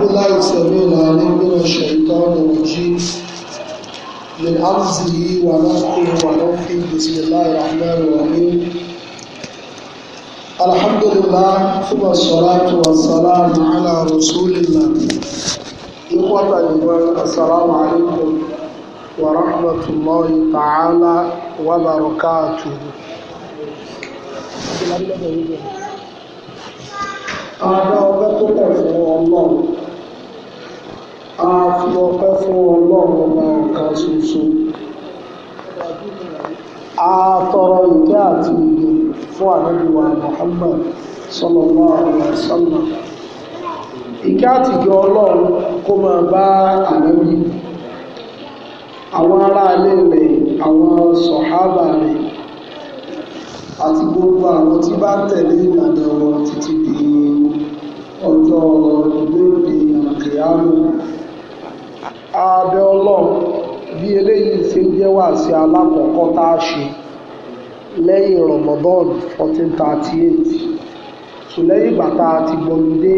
بالله السميع العليم من الشيطان الرجيم من عرضه ونفخه ونفخه بسم الله الرحمن الرحيم الحمد لله ثم الصلاة والسلام على رسول الله إخوة الإيمان السلام عليكم ورحمة الله تعالى وبركاته Ada ọgbẹ́ tó pọ̀ fún ọlọ́run a fi ọpẹ́ fún ọlọ́run ọba ọ̀kan ṣoṣo a tọrọ ìkẹ́ àti ìgbè fún àdébíwá Muhammad sallallahu alaihi wasallam ìkẹ́ àtìgẹ́ ọlọ́run kó máa bá ànábì àwọn aráalé rẹ̀ àwọn sọ̀hábà rẹ̀ àti gbogbo àwọn tí bá tẹ̀lé ìlànà wọn títí di ọjọ́ ìgbéǹde àkèyàmù abẹ́ ọlọ́run bí eléyìí ṣe ń jẹ́ wá sí alákọ̀ọ́kọ́ tá a ṣe lẹ́yìn Ramadan fourteen thirty eight ṣùlẹ́yìn ìgbà tá a ti gbọ́lùdé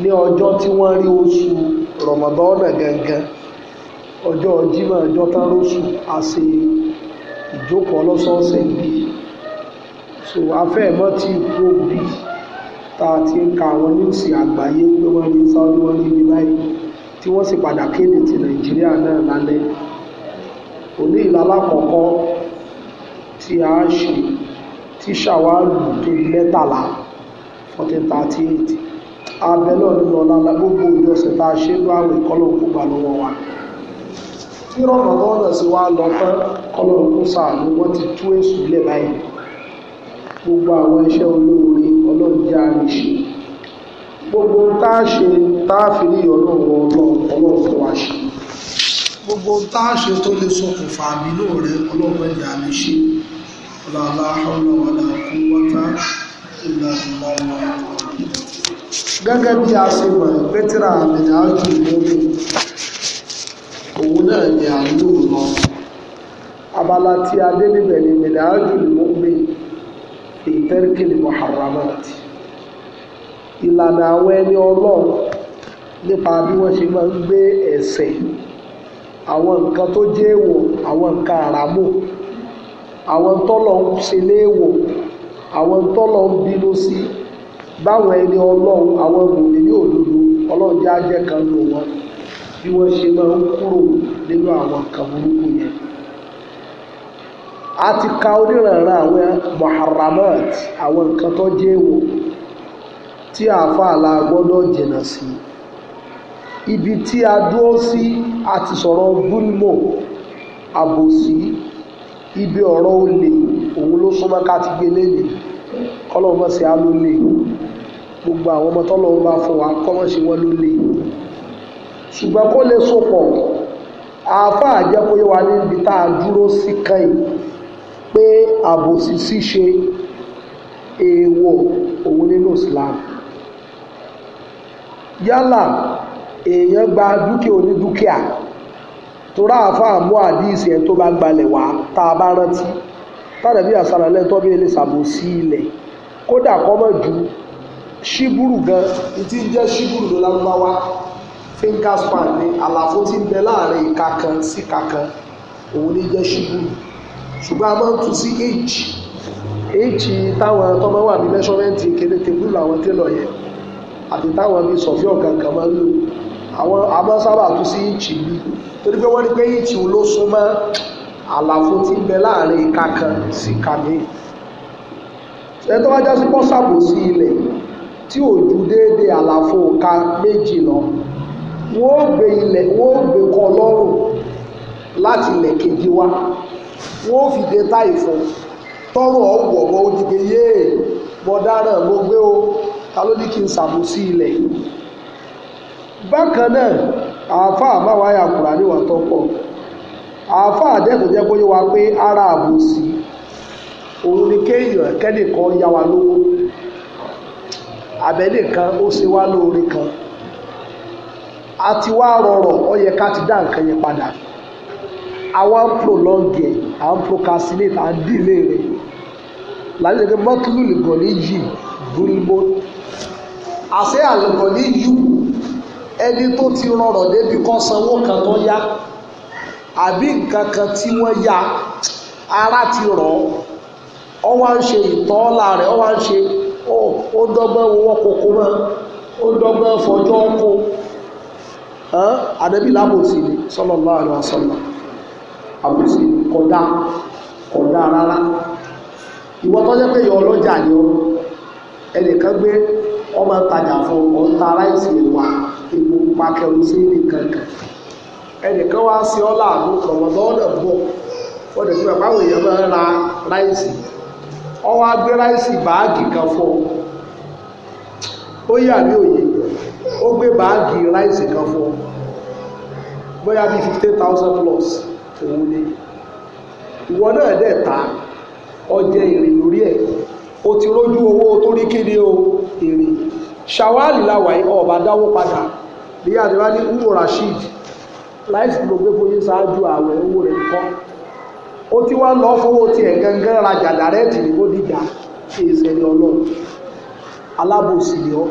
ní ọjọ́ tí wọ́n rí oṣù Ramadan gangan ọjọ́ Jímọ̀ ọjọ́ tán lóṣù a ṣe ìjókòó ọlọ́sọ̀ọ̀sẹ̀ bíi so afẹ́ ẹ̀mọ́ tí ìkú òbí tá a ti ń ka àwọn níwùsì àgbáyé pé wọ́n rí sáwọn wọ́n rí ibi báyìí tí wọ́n sì padà kéde ti nàìjíríà náà lálẹ́ òní ìlàlá kọ̀ọ̀kọ́ tí a ṣe tí ṣàwálù tó mẹ́tàlá 1438 abẹ́lọ́ nínú ọlọ́lá gbogbo ojú ọ̀sẹ̀ tá a ṣe ló àwẹ̀ kọ́lọ̀ kó gbà lọ́wọ́ wa tí rọ̀nà lọ́nà sí wa lọ tán kọ́lọ̀ kó sàánú wọ́n ti tú èsù lẹ̀ báyìí gbogbo àwọn iṣẹ́ olóore ọlọ́run jẹ́ àrìṣe gbogbo tá a ṣe táàfìrí ọlọ́run ọlọ́run ọlọ́run fún wa ṣe gbogbo táàṣe tó lè ṣokùnfà àbínú rẹ ọlọ́run ẹ̀yà lè ṣe ọ̀làlá ọlọ́wọ́lá kú wákà ìlànà gẹ́gẹ́ bí a ṣe mọ̀ pẹ́tìrà àmìnà ájú lórí òun náà ni à ń lò lọ abala tí a dé níbẹ̀ ni àmìnà ájú lórí ìtẹ́rìkìlì mọ̀hàrámàtì ìlànà àwọn ẹni ọlọ́run nípa bí wọ́n ṣe máa ń gbé ẹ̀sẹ̀ àwọn nǹkan tó jẹ́ èèwọ̀ àwọn nǹkan àràmù àwọn tọ́lọ̀ ń ṣe léèwọ̀ àwọn tọ́lọ̀ ń bínú sí báwọn ẹni ọlọ́run àwọn mòmí ní òdodo ọlọ́run jẹ́ ajẹ́ kan lò wọ́n bí wọ́n ṣe máa ń kúrò nínú àwọn nǹkan burúkú yẹn a ti ka oníranran àwọn muharramat àwọn nǹkan tó jẹ́ èèwọ̀ tí àáfàá la gbọ́dọ̀ jìnnà sí i ibi tí a dúró sí àti sọ̀rọ̀ gúnmọ̀ àbòsí ibi ọ̀rọ̀ olè òun ló súnmọ́ ká ti gbé lélẹ̀ kọ́lọ́mọ́ sí á ló lè gbogbo àwọn ọmọ tọ́lọ́ bá fún wa kọ́mọ́ sí wọn ló ṣùgbọ́n kó lè sopọ̀ àáfàá jẹ́ kó yé wa níbi tá a dúró sí kẹ́yìn pé àbòsí ṣíṣe èèwọ̀ òun nínú Islam yálà èèyàn gba dúkìá onídúkìá tó ráàfà mú àdíìsì ẹ̀ tó bá gbalẹ̀ wá tá a bá rántí tàbí àsàlẹ̀ tó bí ilé ṣàbòsí ilẹ̀ kódà kọ́mọ̀ ju ṣíbùrù gan tí ń jẹ́ ṣíbùrù ló lárúbáwá finger span ni àlàfo tí ń bẹ láàrin ìka kan sí ìka kan òun ní jẹ́ ṣíbùrù ṣùgbọ́n a máa ń tu sí h h táwọn tọ́mọ wà ní mẹ́ṣọ́mẹ́ǹtì kéde tèbúlù àwọn télọ̀ yẹn àti táwọn bíi sọ̀fíọ̀ kankan máa ń lò àwọn àmọ́ sábà tún sí ìchì bí torí pé wọ́n ní pé ìchì ló súnmọ́ àlàfo tí ń bẹ láàrin ìka kan sí ìka míì ẹni tó bá já sí pọ́sàbò sí ilẹ̀ tí ò ju déédé àlàfo ìka méjì lọ wọ́n gbé ilẹ̀ wọ́n gbé kọ́ lọ́rùn láti ilẹ̀ kejì wá wọ́n fi dé táì fún tọrọ ọgbọ̀gbọ̀ ojúgbé yéè bọ́dáràn ló gbé o ta ló ní kí n ṣàbòsí ilẹ̀ yìí bákan náà àáfàá àbáwáyà kùránì wà tọpọ. àáfàá àdẹ́kùn wa pé ara àbòsí òun ni kéèyàn kẹ́nìkan yá wa lówó àbẹ́nìkan ó ṣe wá lóore kan a ti wá rọrọ ó yẹ ká ti dá nǹkan yẹn padà àwa ń prolonge à ń procrastinate à ń dìlé rẹ̀ lálẹ́ gbẹ́ mọ́tìlú ẹni tó ti rọrọ̀ débi kan sanwó kan tó yá àbí nǹkan kan tí wọ́n yá ara ti rọ̀ ọ́ wá ń ṣe ìtọ́lá rẹ̀ ọ́ wá ń ṣe ó dọ́gbọ́n owó kókó mọ́ ó dọ́gbọ́n fọjọ́ kó àdẹ́bí lábòsí ni àbòsí rárá ọmọ tajà fún ọ̀ntà epo pa kẹrosíìnì kankan ẹnìkan wá sí ọ́ láàánú rọ̀mọ̀dọ́ọ̀dọ̀ bọ̀ ó dẹ̀ fún ẹ̀ báwo èèyàn máa ń ra ráìsì ọ wá gbé ráìsì báàgì kan fún ọ ó yà ní òye ó gbé báàgì ráìsì kan fún ọ bóyá bíi fifteen thousand plus òun ni ìwọ náà dẹ̀ ta ọjẹ́ èrè lórí ẹ̀ o ti rójú owó torí kí ni o èrè ṣàwáàlì làwà ọba dáwó padà níyà tí wọ́n ní umu rasheed láìsí gbogbo fóyín ṣáájú ààwẹ̀ owó rẹ̀ kọ́ ó ti wá lọ fọwọ́ tiẹ̀ gangan rajà dàrẹ́ẹ̀tì ní bódìjà ṣe ìṣẹ̀lẹ̀ ọlọ́run alábòsí ni ọ́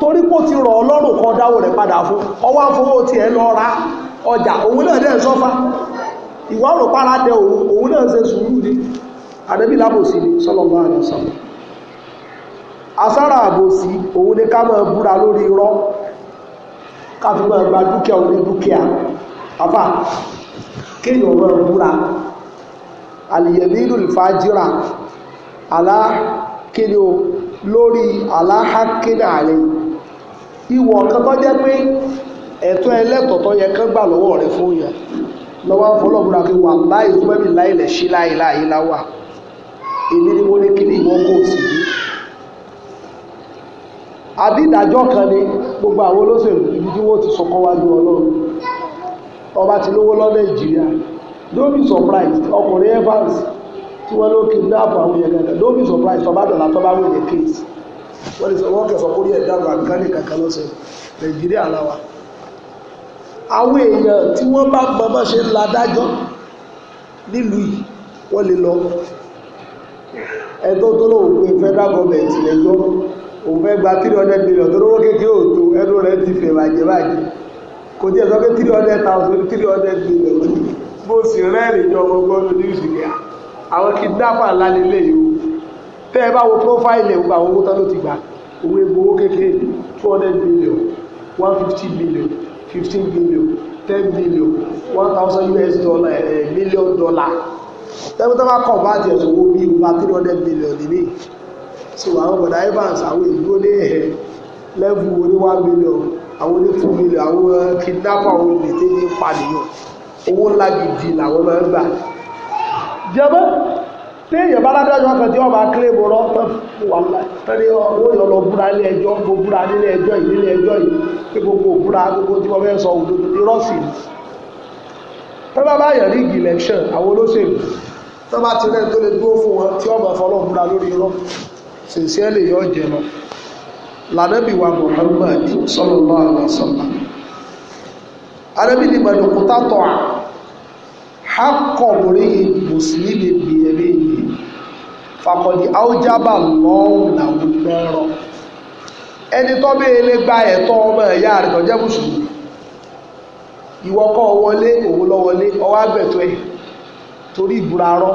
torí kó ti rọ̀ ọlọ́run kan dáwó rẹ̀ padà fún ọwọ́ àfọwọ́ tiẹ̀ lọ ra ọjà òun náà dẹ̀ sọ́fà ìwà òròpá aládẹ òun òun náà ṣe sùúrù ni àdẹ́bí lábòsí ni sallallahu alaihi wasallam asára àbòsí òun ni ká máa búra lórí irọ́ ká fi máa gba dúkìá orí dúkìá àfà kéèyàn máa búra àlìyẹ̀mílù ìfàjìrà alákéde o lórí aláhákéde ààrẹ ìwọ̀ kan tó jẹ́ pé ẹ̀tọ́ ẹlẹ́tọ̀ tó yẹ kán gbà lọ́wọ́ rẹ̀ fún yẹn lọ́wọ́ fọlọ́bùra kí wà láì fún ẹ̀mí láì sí láì èmi ni mo ní kí ni ìwọ́n kò sí bí àbí ìdájọ́ kan ni gbogbo àwọn olóṣèlú ibi tí wọ́n ti sọkọ́ wájú ọlọ́run ọba ti lówó lọ nàìjíríà don't be surprised ọkùnrin evans tí wọ́n ló kidnap àwọn èèyàn don't be surprised ọba dọ̀là tọ́ba wò ní case wọ́n lè sọ wọ́n kẹsàn kórí ẹ̀dá àgbà nìkanì kankan lọ́sẹ̀ nàìjíríà làwà àwọn èèyàn tí wọ́n bá gbọ́n bá ṣe ń la dájọ́ nílùú yìí wọ́n lè lọ ẹ̀dọ́ tó lóun federal government lẹ́jọ́ òun fẹ́ gba three hundred million tó lówó kékeré ò tó ẹnu rẹ̀ ti fẹ̀ bàjẹ́ bàjẹ́ kò tí ẹ sọ pé three hundred thousand three hundred million mo sì rẹ́rìn jọ ọmọ gbọ́dọ̀ ní ìsìnkú àwọn kidnapper lálẹ́ lẹ́yìn o tẹ́ ẹ bá wo profile ẹ̀ gba owó tán ló ti gbà owó egbò owó kékeré two hundred million one fifty million fifteen million ten million one thousand US dollar eh, million dollar tẹ́gbẹ́tẹ́ bá kọ̀ bá tiẹ̀ sọ owó bíi over three hundred million nìyí so àwọn bọ̀dá evans àwọn ìlú ní ẹ̀ lẹ́bù oní one million àwọn oní two million àwọn kidnapper àwọn olè tó ní pàdéyàn owó ńlá gidi làwọn máa ń gbà jẹ́mọ́ téèyàn bá ládájọ́ kan tí wọ́n bá kílé bọ̀ rọ́ tẹ́lẹ̀ owó yọ lọ búra ilé ẹjọ́ gbogbo búra nílé ẹjọ́ yìí nílé ẹjọ́ yìí pé gbogbo búra gbogbo tí wọ́n fẹ́ sọ òdodo irọ́sì ni tọ́ba bá yàn rí election àwọn olóṣèlú tọ́ba ti rẹ́ tó lè dúró fún wọn tí wọ́n bá fọlọ́ sincerely yóò jẹ lọ lànàbí wa Muhammad sallallahu alaihi wasallam arábìnrin mẹ́lòkútà tọ́ à hákọ̀ọ̀rẹ́ mùsùlùmí bìẹ̀rẹ̀ yìí fàkọ̀dì áújábà lọ́wọ́ làwọn mẹ́rọ ẹni tó bí ilé gba ẹ̀tọ́ ọmọ ẹ̀yà rẹ̀ tọ́jẹ́ mùsùlùmí ìwọ kọ́ wọlé òun lọ wọlé ọwọ́ àgbẹ̀tọ́ ẹ̀ torí ìbúra rọ́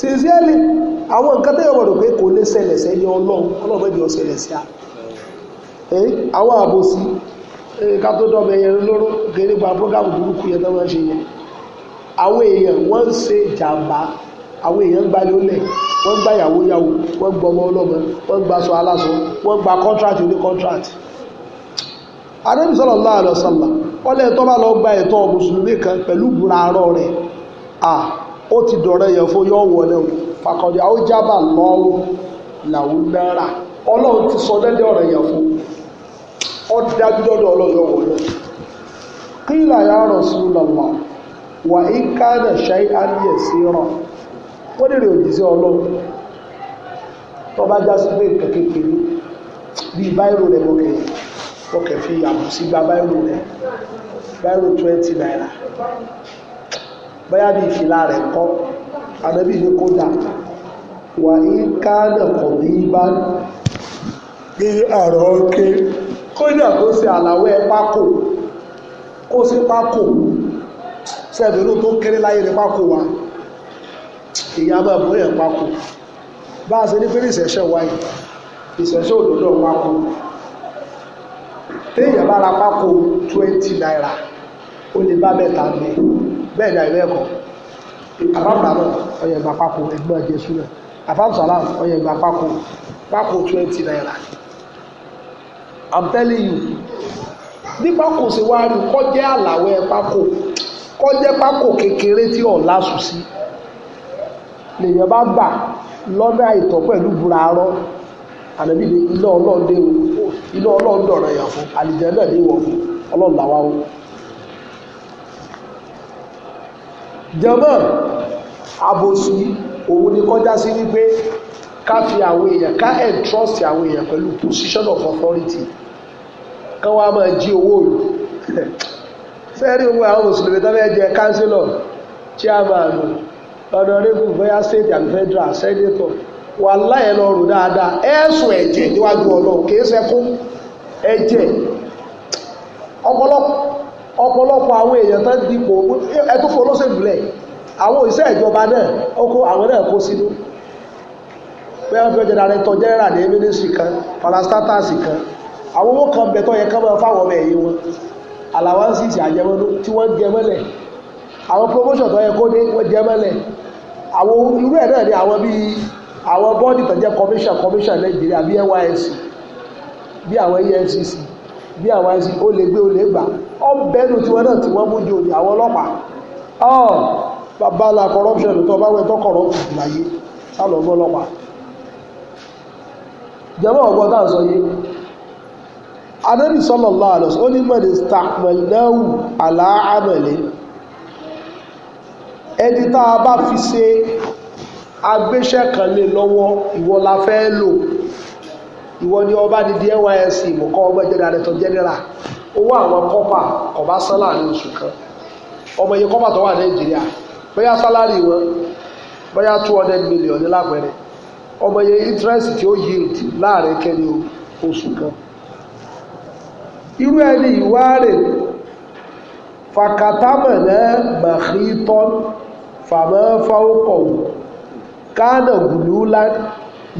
sincerely àwọn nǹkan tẹ́yọ̀ gbọ́dọ̀ pé kò lè ṣẹlẹ̀ sẹ́ni ọlọ́run ọlọ́run fẹ́ di ọ ṣẹlẹ̀ sí a àwọn àbòsí ká tó dọ́bẹ̀ yẹn lóró gẹ́gẹ́ nípa program burúkú yẹn tó máa ṣe yẹn àwọn èèyàn wọ́n ń ṣe jàǹbá àwọn èèyàn ń gbalẹ̀ olẹ̀ wọ́n ń gba ìyàwó yàwó wọ́n ń gba ọmọ ọlọ́mọ wọ́n ń gba aṣọ aláṣọ wọ́n ń gba contract oní contract. Ànábì sallallahu alaihi wasallam ọlẹ́ tó bá lọ gba ẹ̀tọ́ mùsùlùmí kan pẹ̀lú gbùràárọ̀ rẹ̀ ó ti dọ̀rọ̀ yẹn fún yọ wọlé o pàkọ́jà ó jábà lọ́wọ́ làwọn náírà ọlọ́run ti sọ dẹ́dẹ́ ọ̀rọ̀ yẹn fún ọ dájú dọ́dọ̀ ọlọ́yọ̀ wọlé kílà ya Rasulullah wà í kánà ṣáì áníyẹ̀ sí ràn wọ́n lè rí òjìṣẹ́ ọlọ́run tó bá já sí pé nǹkan kékeré bíi báírò rẹ̀ mọ́kẹ́ mọ́kẹ́ fi yàgò gba báírò rẹ̀ báírò twenty naira bóyá bí ìfìlà rẹ̀ kọ́ ànábì ní kó dà wà ní kánà kò ní bá ní àrọ̀ ké kódà kó ṣe àlàwé pákó kó sí pákó sẹ́ẹ̀dúró tó kéré láyé ní pákó wa ìyá máa bọ́ yẹn pákó bá a ṣe ní pẹ́lú ìṣẹ̀ṣẹ̀ wáyé ìṣẹ̀ṣẹ̀ òdòdó pákó téèyàn bá ra pákó twenty naira ó lè bá mẹ́ta mẹ́ta bẹ́ẹ̀ ni àìbẹ́ẹ̀ kọ́ àbábàbà ọyẹ ìgbà pákó ẹgbẹ́ jésù náà àfàmsàlám ọyẹ ìgbà pákó pákó twenty naira i'm telling you bí pákó ṣe wá rí kọjẹ́ àlàwẹ̀ kọjẹ́ kékeré tí ọ̀la sùn sí lèèyàn bá gbà àìtọ́ pẹ̀lú ilé ilé jọmọ́ àbòsí òun ni kọjá sí wípé ká fi àwọn èèyàn ká entrust àwọn èèyàn pẹ̀lú position of authority kán wá máa jí owó òlù fẹ́ẹ́rí owó àwọn mùsùlùmí tó fẹ́ jẹ kánsílọ̀ chairman honorable bóyá state and federal senator wà láyé lọ rò dáadáa ẹ̀sùn ẹ̀jẹ̀ níwájú ọlọ́run kì í ṣẹ́kún ẹ̀jẹ̀ ọ̀pọ̀lọpọ̀ ọ̀pọ̀lọpọ̀ àwọn èèyàn tán dipò ẹtú fún olóṣèlú lẹ̀ àwọn òṣìṣẹ́ ìjọba náà ọkọ̀ àwọn náà kó sínú pé wọ́n fi ọjà dàrẹ́tọ̀ jẹ́rẹ́rà ní mínísírì kan parastatasi kan àwọn owó kan bẹ̀tọ̀ yẹ kán máa fáwọn ọmọ ẹ̀yìn wọn allowances àjẹmọ́nú tí wọ́n jẹ mọ́lẹ̀ àwọn promotion tó yẹ kó dé wọ́n jẹ mọ́lẹ̀ àwọn irú ẹ̀ náà ni àwọn bíi àwọn bọ́ọ̀dì tó jẹ́ commission commission Nàìjíríà bí NYSC bí àwọn EFCC bí àwọn ẹ̀sìn ó lè gbé ó lè gbà ọ́ bẹ́nu tiwọn náà tí wọ́n mú jò ní àwọn ọlọ́pàá ọ́ bàbá la corruption tó bá wẹ̀ tó corruption láyé sálọ gbọ́ ọlọ́pàá jẹ́mọ́ ọgbọ́n tá à ń sọ yé anábì sallallahu alaihi wasallam ó ní mẹ́rin stakmẹ̀lẹ́wù aláàmẹ̀lẹ́ ẹni tá a bá fi ṣe agbéṣẹ́ kan lè lọ́wọ́ ìwọ la fẹ́ lò ìwọ ni ọba di di nysc mọ̀kọ́ ọmọ jẹ́nẹrẹ́tọ̀ jẹ́nẹ́rà owó àwọn kọ́pà ọba sálárì oṣù kan ọmọ iye kọ́pà tó wà nàìjíríà bóyá sálárì wọn bóyá two hundred million ní lápẹẹrẹ ọmọ iye interest tí ó yield láàrin kẹrin oṣù kan irú ẹni ìwárè fàkàtàmọ̀nà màkìtọ́ fàmọ́ fáwọ́kọ̀ọ́ kánà gùlúlá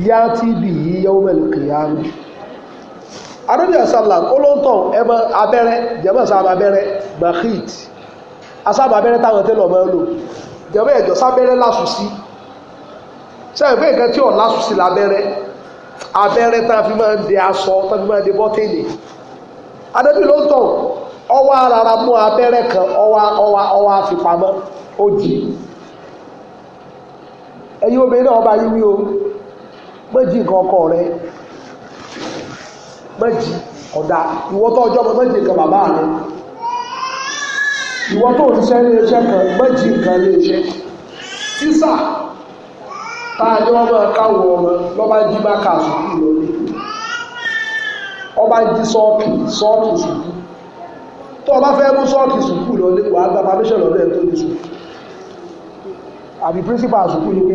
yá tí bì í yẹ́wó mẹ́lẹ̀ kìyàmù adébíyà sàlám olóńtàn ẹmọ abẹ́rẹ́ jẹ́mọ̀ sábà abẹ́rẹ́ bahit asábà abẹ́rẹ́ táwọn tẹ́lẹ̀ ọmọ ẹ lò jẹ́mọ̀ ẹ̀jọ̀ sábẹ́rẹ́ lásùsí sẹ́yìn pé nǹkan tí ò lásùsí lábẹ́rẹ́ abẹ́rẹ́ tá a fi máa ń de aṣọ tá a fi máa ń de bọ́tẹ́lì adébíyà ló ń tàn ọwọ́ ara mú abẹ́rẹ́ kan ọwọ́ ọwọ́ ọwọ́ àfipamọ́ ó di ẹ̀yin obìnrin náà ọba yín wí o méjì nǹkan ọkọ rẹ méjì ọ̀dà ìwọ tó ọjọ́ méjì nǹkan bàbá rẹ ìwọ tó òṣìṣẹ́ ilé iṣẹ́ kan méjì nǹkan ilé iṣẹ́ tísà tá a ní wọn máa káwọn ọmọ lọ́ba jí bá kà sùkúù lọ́lé ọba jí sọ́ọ̀kì sọ́ọ̀kì sùkúù tó ọba fẹ́ mú sọ́ọ̀kì sùkúù lọ́lé wàá gba permission lọ́dọ̀ ẹ̀ tó ní sùkúù àbí principal sùkúù ni pé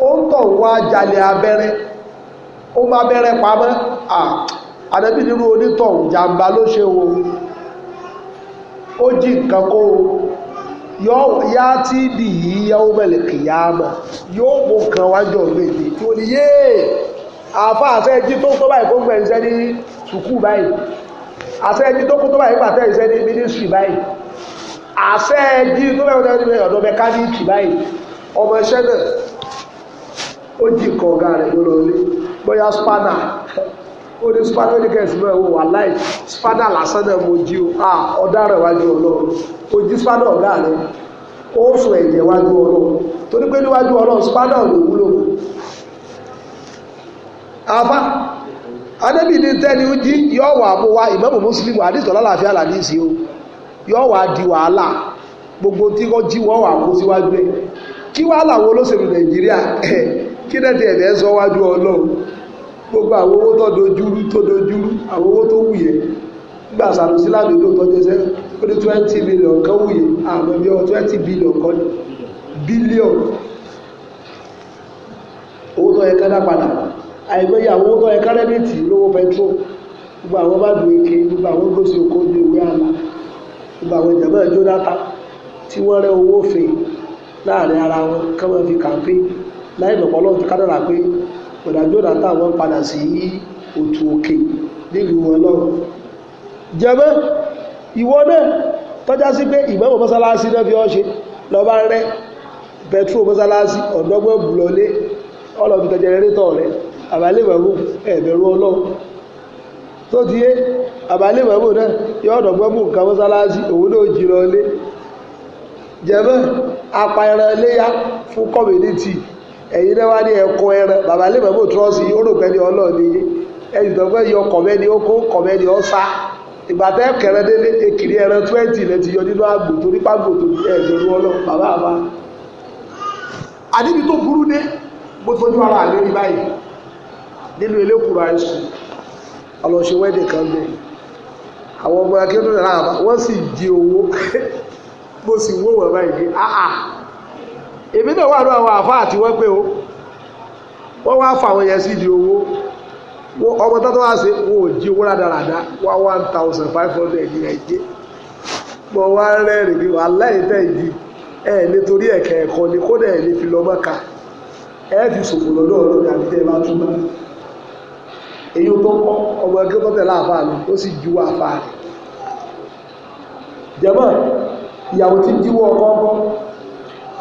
ó ń tọ̀ wá jalè abẹ́rẹ́ ó má bẹ́rẹ́ pamọ́ àdẹ́bí nínú onítọ̀ jàǹbá ló ṣe o ó jí nǹkan kó o yá tí dì í yáwó mẹ́lẹ̀ kìyàmà yóò mú kan wájọ méje tí ó ní yéè àfa àṣẹ́jí tó tó báyìí kó gbẹ̀yìn sẹ́ ní sùkúù báyìí àṣẹ́jí tó kó tó báyìí pàtẹ́ ìṣẹ́ ní mínísírì báyìí àṣẹ́jí tó báyìí ọ̀dọ̀ mẹkáníìkì báyìí ọmọ iṣẹ́ náà ó ji kọ ọ̀gá rẹ̀ ló lọlé bóyá spanà ó ní spanà ní kẹsì mọ́ ẹ̀wọ̀ wà láì ọ lásán náà mo jí o à ah, ọ̀daràn wájú ọlọ́run ó jí spanà ọ̀gá rẹ̀ ó sùn ẹ̀jẹ̀ wájú ọlọ́run torí pé níwájú ọlọ́run ló wúlò afa ni ó jí yọ wà mùsùlùmí o yọ wà di wàhálà gbogbo tí wọ́n jí wọ́n wà kó síwájú ẹ̀ kí kí náà tiẹ̀ fẹ́ sọ wájú ọlọ́run gbogbo àwọn owó tó dojúrú tó dojúrú àwọn owó tó wùyẹ nígbà sàrùsí ládòdò tó jẹ́ sẹ́ ó ní twenty million kan wùyẹ àmọ́ bí ọ twenty billion kan billion owó tó yẹ ká dá padà àìmọye àwọn owó tó yẹ ká lówó petrol gbogbo àwọn bá dùn ike gbogbo àwọn gbòsè oko ní ìwé àlà gbogbo àwọn ìjàmbá ìjọ dáta tí wọ́n rẹ́ owó fè láàrin ara wọn ká fi campaign láì lọ́pọ̀ ọlọ́run ti kádàrà pé ọ̀dàjú ọ̀dà táwọn padà sí òtù òkè nílùú wọn lọ́rùn jẹ́mọ́ ìwọ náà tọ́já sí pé ìgbẹ́mọ̀ mọ́sálásí náà fi ọ́ ṣe lọ́ba rẹ petro mọ́sálásí ọ̀dọ́gbọ́n bùlọ́lé ọlọ́bìtẹ̀ jẹrẹrétọ̀ rẹ àbálẹ̀ ìwẹ̀wò ẹ̀bẹ̀rù ọlọ́run tó ti yé àbálẹ̀ ìwẹ̀wò náà yọ ọ̀dọ́gbọ́n bù nǹkan mọ́sálásí òun náà jìrọ̀ lé jẹ́mọ́ apá ẹran léyà fún community ẹ̀yin náà wá ní ẹ̀kọ́ ẹran bàbá lè mọ̀ trọ́ọ̀sì ó rò pẹ́ ní ọlọ́ọ̀ni ẹ̀yìn tó fẹ́ yọ kọ̀mẹ́ni ó kó kọ̀mẹ́ni ó sá ìgbà tẹ́ kẹrẹ délé ekiri ẹran twenty lẹ ti yọ nínú àgbò torí pàgbò tó ẹ̀ lórí ọlọ́ọ̀ bàbá àbá àdébí tó burú dé mo tọ́jú ara àlérí báyìí nínú elékùrọ̀ àìsùn ọlọ́ọ̀ṣẹ́ wẹ́dẹ̀ kan bẹ̀ àwọn ọmọ akẹ́kọ̀ọ́ náà wọ́n sì jí owó mo sì wó wọ̀ báyìí áà èmi náà wà ní àwọn àfáà tí wọ́n pé o wọ́n wá fà wọ́n yẹn sí di owó ọmọ tó tó wá sí wọn ò jí owó rádaràda wá one thousand five hundred ní ẹ̀jẹ̀ mọ wá rẹ́rìn bí wàhálà yìí tẹ̀ yìí ẹ̀ nítorí ẹ̀kẹ́ ẹ̀kọ́ ni kódà ẹ̀ lè fi lọ́mọ ká ẹ̀ fi ṣòfò lọ́dọ̀ ọlọ́dẹ àbí tẹ́ ẹ bá tún bá èyí tó kọ́ ọmọ ẹgbẹ́ tó tẹ̀lé àfáà ni ó sì ju àfáà rẹ̀ jẹ́mọ̀ ìyàwó ti jíwọ́ ọkọ̀ ọkọ̀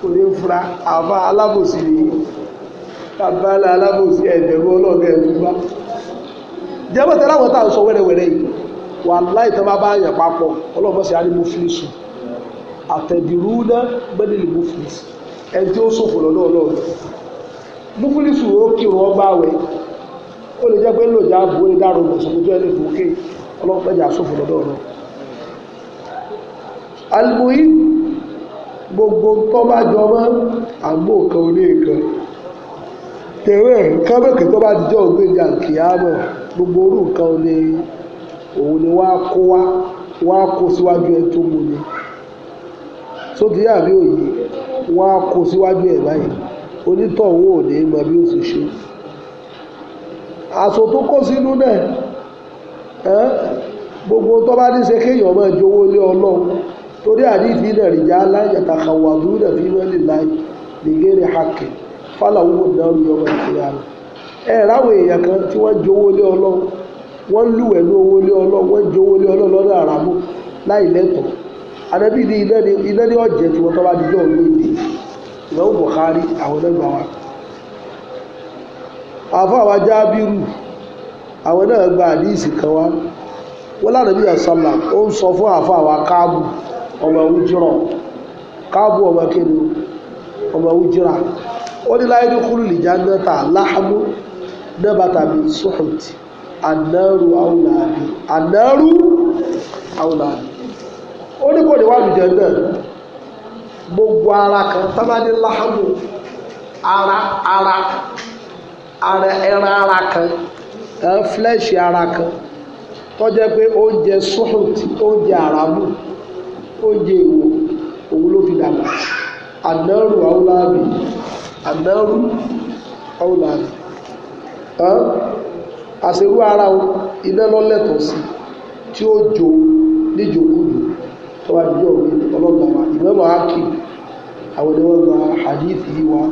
kò ní fura àfa alábòsí nìyí tàbálà alábòsí ẹ̀dẹ̀rú ọlọ́gẹ̀ ẹ̀dúgbà jẹ́bọ̀ tẹ́lá wọn táà sọ wẹ́rẹ́wẹ́rẹ́ yìí wà láì tẹ́ bá bá yàn papọ̀ ọlọ́mọ̀sí alimu filisu àtẹ̀dìrú náà gbẹ́dẹ̀lì mú filisu ẹni tí ó sòfò lọ́dọ̀ ọlọ́run mú filisu ó kírun ọgbà wẹ̀ ó lè jẹ́ pé ńlò jáàbù ó lè dárò ìgbọ̀nsọ̀kójú ẹni fòkè ọlọ́pẹ́jà sòfò lọ́dọ̀ ọlọ́run gbogbo tó bá jọ mọ́ àgbò kan orí nǹkan tèwé kábẹ́ẹ̀kì tó bá dijọ́ ògbéga kìámọ̀ gbogbo orú nǹkan ni òun ni wàá kó wá wàá kó síwájú ẹ tó mu ni sóti àbí òye wàá kó síwájú ẹ báyìí onítọ̀hún ò ní mọ bí ó ṣe aṣọ tó kó sínú náà gbogbo tó bá ní ṣe kéèyàn máa jowó lé ọlọ́run torí àrífi náà rí já láyàtà kàwàdú náà fi wẹ́lì láì lègèrè hakẹ̀ fáláwù mọ̀dánù yọmọ ìkìlá rẹ̀ ẹ̀ ráwọ̀ èèyàn kan tí wọ́n jowó lé ọlọ́run wọ́n lúwẹ̀ ní owó lé ọlọ́run wọ́n jowó lé ọlọ́run lọ́dọ̀ àràmú láì lẹ́tọ̀ọ́ àdẹ́bí ni iná ní ọ̀jẹ̀ tí wọ́n tọ́ bá di jọ́ òun èdè ìwọ́n Buhari àwọn ẹgbàá wa àfọ́ àwọn ajá bírù àwọn náà gba kan wá wọ́n lánàá bí àsálà ó ń sọ fún àfọ́ àwọn akáàbù ọmọ wújírọ̀ káàbù ọmọ kéde ọmọ wújírà ó ní láyé ní kúrú lìjà nẹ́ta láhàmú nẹ́bàtà mi sọ́ọ̀tì ànẹ́rù àwùlàbí ànẹ́rù àwùlàbí ó ní kò ní wà lùjẹ́ náà gbogbo ara kan tábàdé láhàmú ara ara ara ẹran ara kan ẹ fílẹ̀ṣì ara kan tọ́jẹ́ pé oúnjẹ sọ́ọ̀tì oúnjẹ àràmù ó jẹ èwo òun ló fi dàgbà àdánrù àwòláàbì àdánrù àwòláàbì àṣerú ara iná lọ́lẹ́tọ̀ sí tí ó jó níjòkúdù tó wà ní ọ̀gbìn ọlọ́gbàwà ìmọ̀mọ̀ ákì àwọn ẹ̀wọ̀gbà hadithi wa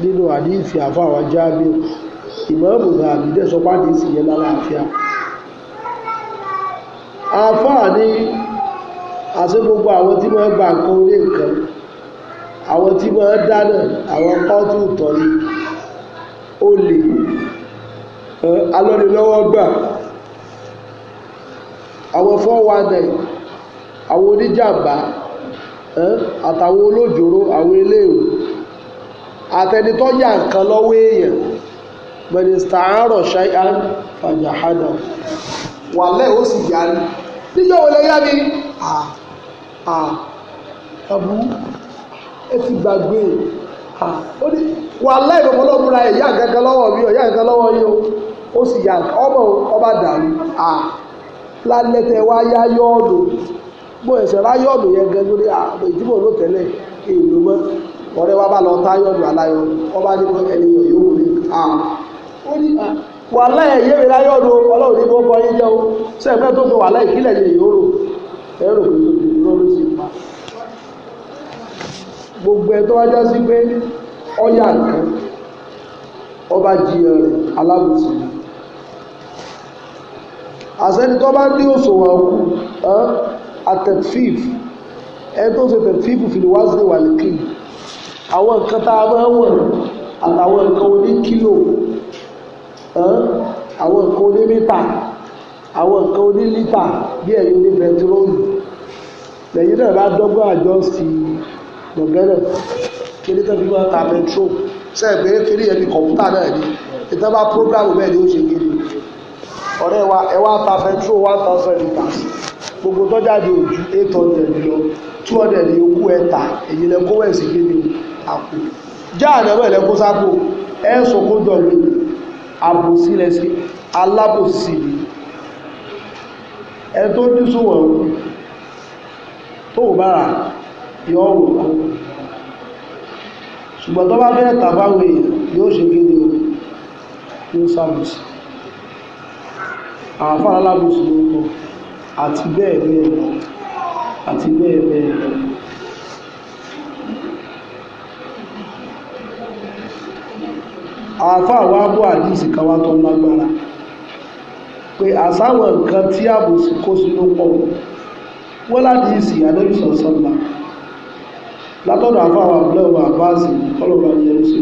nínú hadithi àfáwà jábí ìmọ̀mù tàbí dẹ́sọpá àdìsí yẹn lálàáfíà àfáà ní àṣẹ gbogbo àwọn tí máa ń gba nǹkan orí nǹkan àwọn tí máa ń dáná àwọn kọ́ọ̀tù tọ́lé olè alọ́nilọ́wọ́ gbà àwọn fọ́wà náà àwọn oníjàmbá àtàwọn olójòrò àwọn eléèrò àtẹnitọ́ yà nǹkan lọ́wọ́ èèyàn mẹ́nista àárọ̀ ṣáyá fàjàhádà wà lẹ́ ó sì yá níjọ́ wọlé yá mi à àbú ẹ ti gbàgbé à ó ní wà láìpẹ́ bọ́ lọ́ múra kankan lọ́wọ́ mi kankan o ó sì yà ọmọ ọba dàrú a lálẹ́ tẹ wá yá yọ́ọ̀dù bó ẹsẹ̀ rá yọ́ọ̀dù yẹn gẹ́gẹ́ lórí ìdíbò ló tẹ́lẹ̀ èèlò mọ́ ọ̀rẹ́ wa bá lọ tá ọba ní ẹni a ó ní à wàhálà ẹ̀yẹ́ mi láyọ̀ ọlọ́run ní jẹ́ o sẹ́ẹ̀fẹ́ tó fi yẹ gbogbo ẹ tó wájá sí pé ọyà nǹkan ọba jiyàn rẹ̀ alábùsí àsẹ́ni tó bá ní òṣùwọ̀n kù àtẹ̀fíf ẹ tó ṣe tẹ̀fíf fìlíwáṣí wà lẹ́kì àwọn nǹkan tá a máa wọ̀n àtàwọn nǹkan oní kílò àwọn nǹkan oní mítà àwọn nǹkan oní lítà bí ẹ̀yìn oní bẹntiróòlù lẹ́yìn náà bá dọ́gbọ́n àjọ sí i gbọ̀ngẹ́nà kiri tó fi máa ta petrol sẹ́ẹ̀gbẹ́ kiri yẹn bí kọ̀ǹpútà náà ni ìtàn bá program bẹ́ẹ̀ ni ó ṣe kiri ọ̀rẹ́ wa ẹ wá ta petrol one thousand litres gbogbo tó jáde ojú eight hundred lọ two hundred yòókù ẹ ta èyí lẹ kó wẹ̀sì kiri àpò jáàdá wẹ̀ lẹ kó sápò ẹ sọ kó jọ mi àbòsí lẹ sí alábòsí ẹ tó dín sùn tó bára yóò wò ó ṣùgbọ́n tó bá fẹ́ tàbáwò èèyàn yóò ṣe gidi o yóò sàbùsì àwọn afárá alábùsì ló kọ àti bẹ́ẹ̀ bẹ́ẹ̀ lọ àti bẹ́ẹ̀ bẹ́ẹ̀ lọ. àáfà wa bọ́ àdìsí kan wá tó lágbára pé àsáwọ̀ nǹkan tí àbòsí kó sínú pọ̀ wọ́n láti ìsìn àdébìsọ̀ sọ́gbà látọ̀dọ̀ àfáwà ọ̀lẹ́wà àbáàsì ọlọ́wà ní ẹrùsù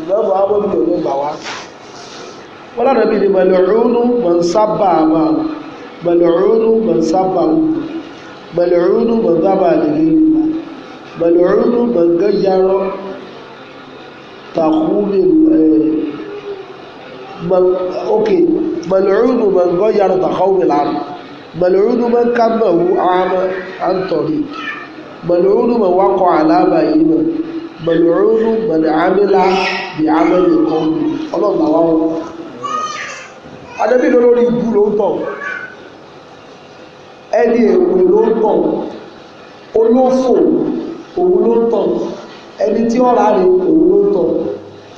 ìbẹ̀bọ̀ abọ́bìnrin ní bàwá wọ́n lánàá bí i mẹ̀lẹ̀rúnú mọ̀nsábà máa mẹ̀lẹ̀rúnú mọ̀nsábà mẹ̀lẹ̀rúnú mọ̀nsábà nìyí mẹ̀lẹ̀rúnú mọ̀ngẹ́yàrọ́ tàkúlì ókè mẹ̀lẹ̀rúnú mọ̀ngẹ́yàrọ́ tàkúlì lánàá mẹ̀lẹ̀rúnú mọ̀nkábà wù ámà àǹtọ̀rì ملعون من وقع على بينه ملعون من عمل بعمل قومه ọlọ́run amịla wọn adébí lórí ibú ló ń tọ̀ ẹni èwe ló ń òun ló ń ẹni tí ọ̀rá rẹ̀ òun ló ń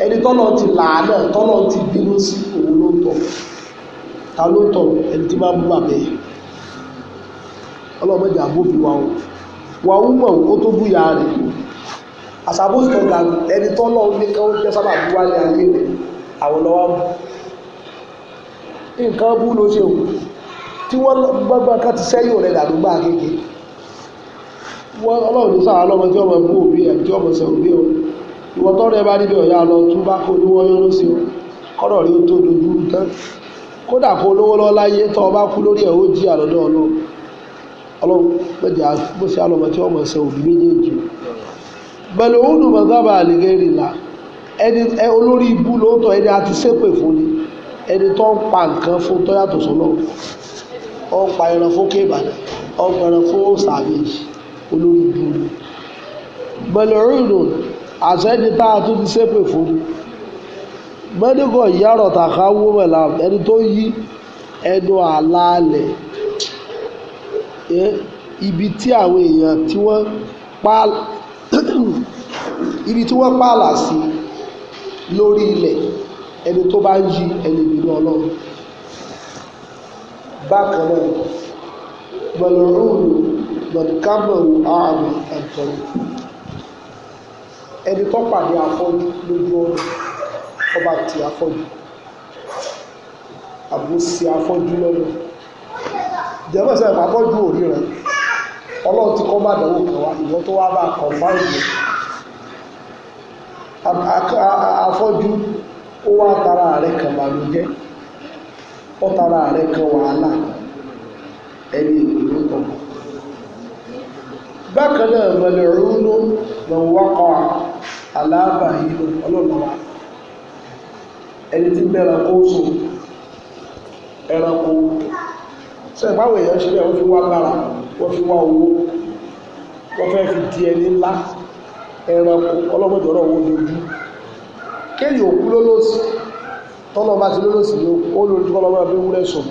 ẹni tọ́nà ti làánà tọ́nà ti bínú sí òun ló ń ta ló ń ẹni tí bá wà wúmọ̀ ó tó búyà rẹ̀ àṣàbòsítọ̀ gà ẹni tọ́lọ́ ní káwọn jẹ́ sábà wálé ayé rẹ̀ àwọn lọ́wọ́ mú nǹkan bú ló ṣe tí wọ́n gbọ́gbọ́n kan ti sẹ́yìn rẹ̀ dàdú gbà wọ́n ọlọ́run ní lọ́mọ tí ọmọ bú òbí ẹ̀ tí ọmọ o tọ́ rẹ bá níbi lọ tún bá kó ní wọ́n ọlọ́run mẹ́jẹ̀ àgbóṣe alọ́mọ tí wọ́n mọ̀ ṣe òbí méjèèjì bẹ̀lú òun ló mọ̀ sábà àlègé ìrìnlá ẹni olórí ibú lóòótọ́ ẹni àti ṣépè fún ni ẹni tó ń pa nǹkan fún tó yàtọ̀ sọ́lọ́ ọ ń pa ẹran fún kébàdàn ọ ń pa ẹran fún sàbẹ̀jì olórí ibú ni bẹ̀lú òun ló àṣẹ ẹni tá a tún ti ṣépè fún ni mẹ́díkọ̀ ìyá tàkà wó mẹ́lá ẹni tó yí ẹnu àlàálẹ̀ ibi tí àwọn èèyàn tí wọ́n pààlà ibi tí wọ́n pààlà sí lórí ilẹ̀ ẹni tó bá ń yí ẹni ìbínú ọlọ́run bákan náà gbọ̀lọ̀rùn gbọ̀dùkámọ̀rù ààrùn ẹ̀tọ́rù ẹni tó pàdé afọ́jú lójú ọ̀nà ọba ti afọ́jú àbúsí afọ́jú lọ́nà jẹ́mọ̀ sẹ́yìn pàpọ̀ ju òrí rẹ̀ ọlọ́run ti kọ́ bá dánwò ìwọ́n tó wá tara ààrẹ kan bàlújẹ́ ó tara ààrẹ kan wàhálà ẹni ìlú kan bákan náà mẹlẹ aláàbà yìí ọlọ́run ẹni tí bẹ́ẹ̀ ẹranko sùn sẹ́yìn báwo èèyàn ṣe bẹ́ẹ̀ wọ́n fi wá lára wọ́n fi wá owó wọ́n fẹ́ fi di ẹni ńlá ẹranko ọlọ́mọdọ̀rọ̀ owó lójú kéyìí òkú lólóòsì tọ́lọ́ba ti lólóòsì ni ó lórí tí tọ́lọ́ba bí wúrẹ́ sùn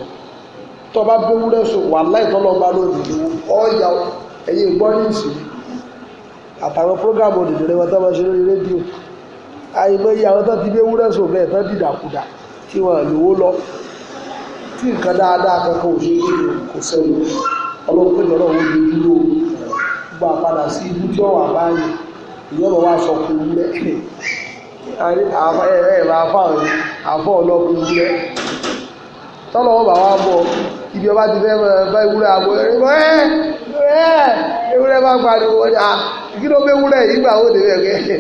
tọ́ba bí wúrẹ́ sùn wà láì tọ́lọ́ba lónìí ọ̀yà ẹ̀yẹ gbọ́nyìnsì àtàwọn prógámù òdìdìrẹ́ wọn tó máa ṣe lórí rédíò àìmọye àwọn tó ti bí wúrẹ́ sùn bẹ́ẹ̀ tó dìdàkudà tí wọn lówó lọ tí nǹkan dáadáa kankan ò ṣe é kéde kò sẹ́nu ọlọ́pẹ́ lọ́rọ̀ wọn lè dúró gbà padà sí ibú tí ọ̀wà báyìí ìyẹn bọ̀ wá sọ kú wúlẹ̀ ẹ̀rọ àfọ̀ ọlọ́kùn wúlẹ̀ tọ́lọ́wọ́ bà wá bọ̀ ibi ọba ti fẹ́ bá ewúrẹ́ àbọ̀ ewúrẹ́ bá pariwo ọjà kí ló bẹ́wúrẹ́ yìí gbà ó débẹ̀ kẹ́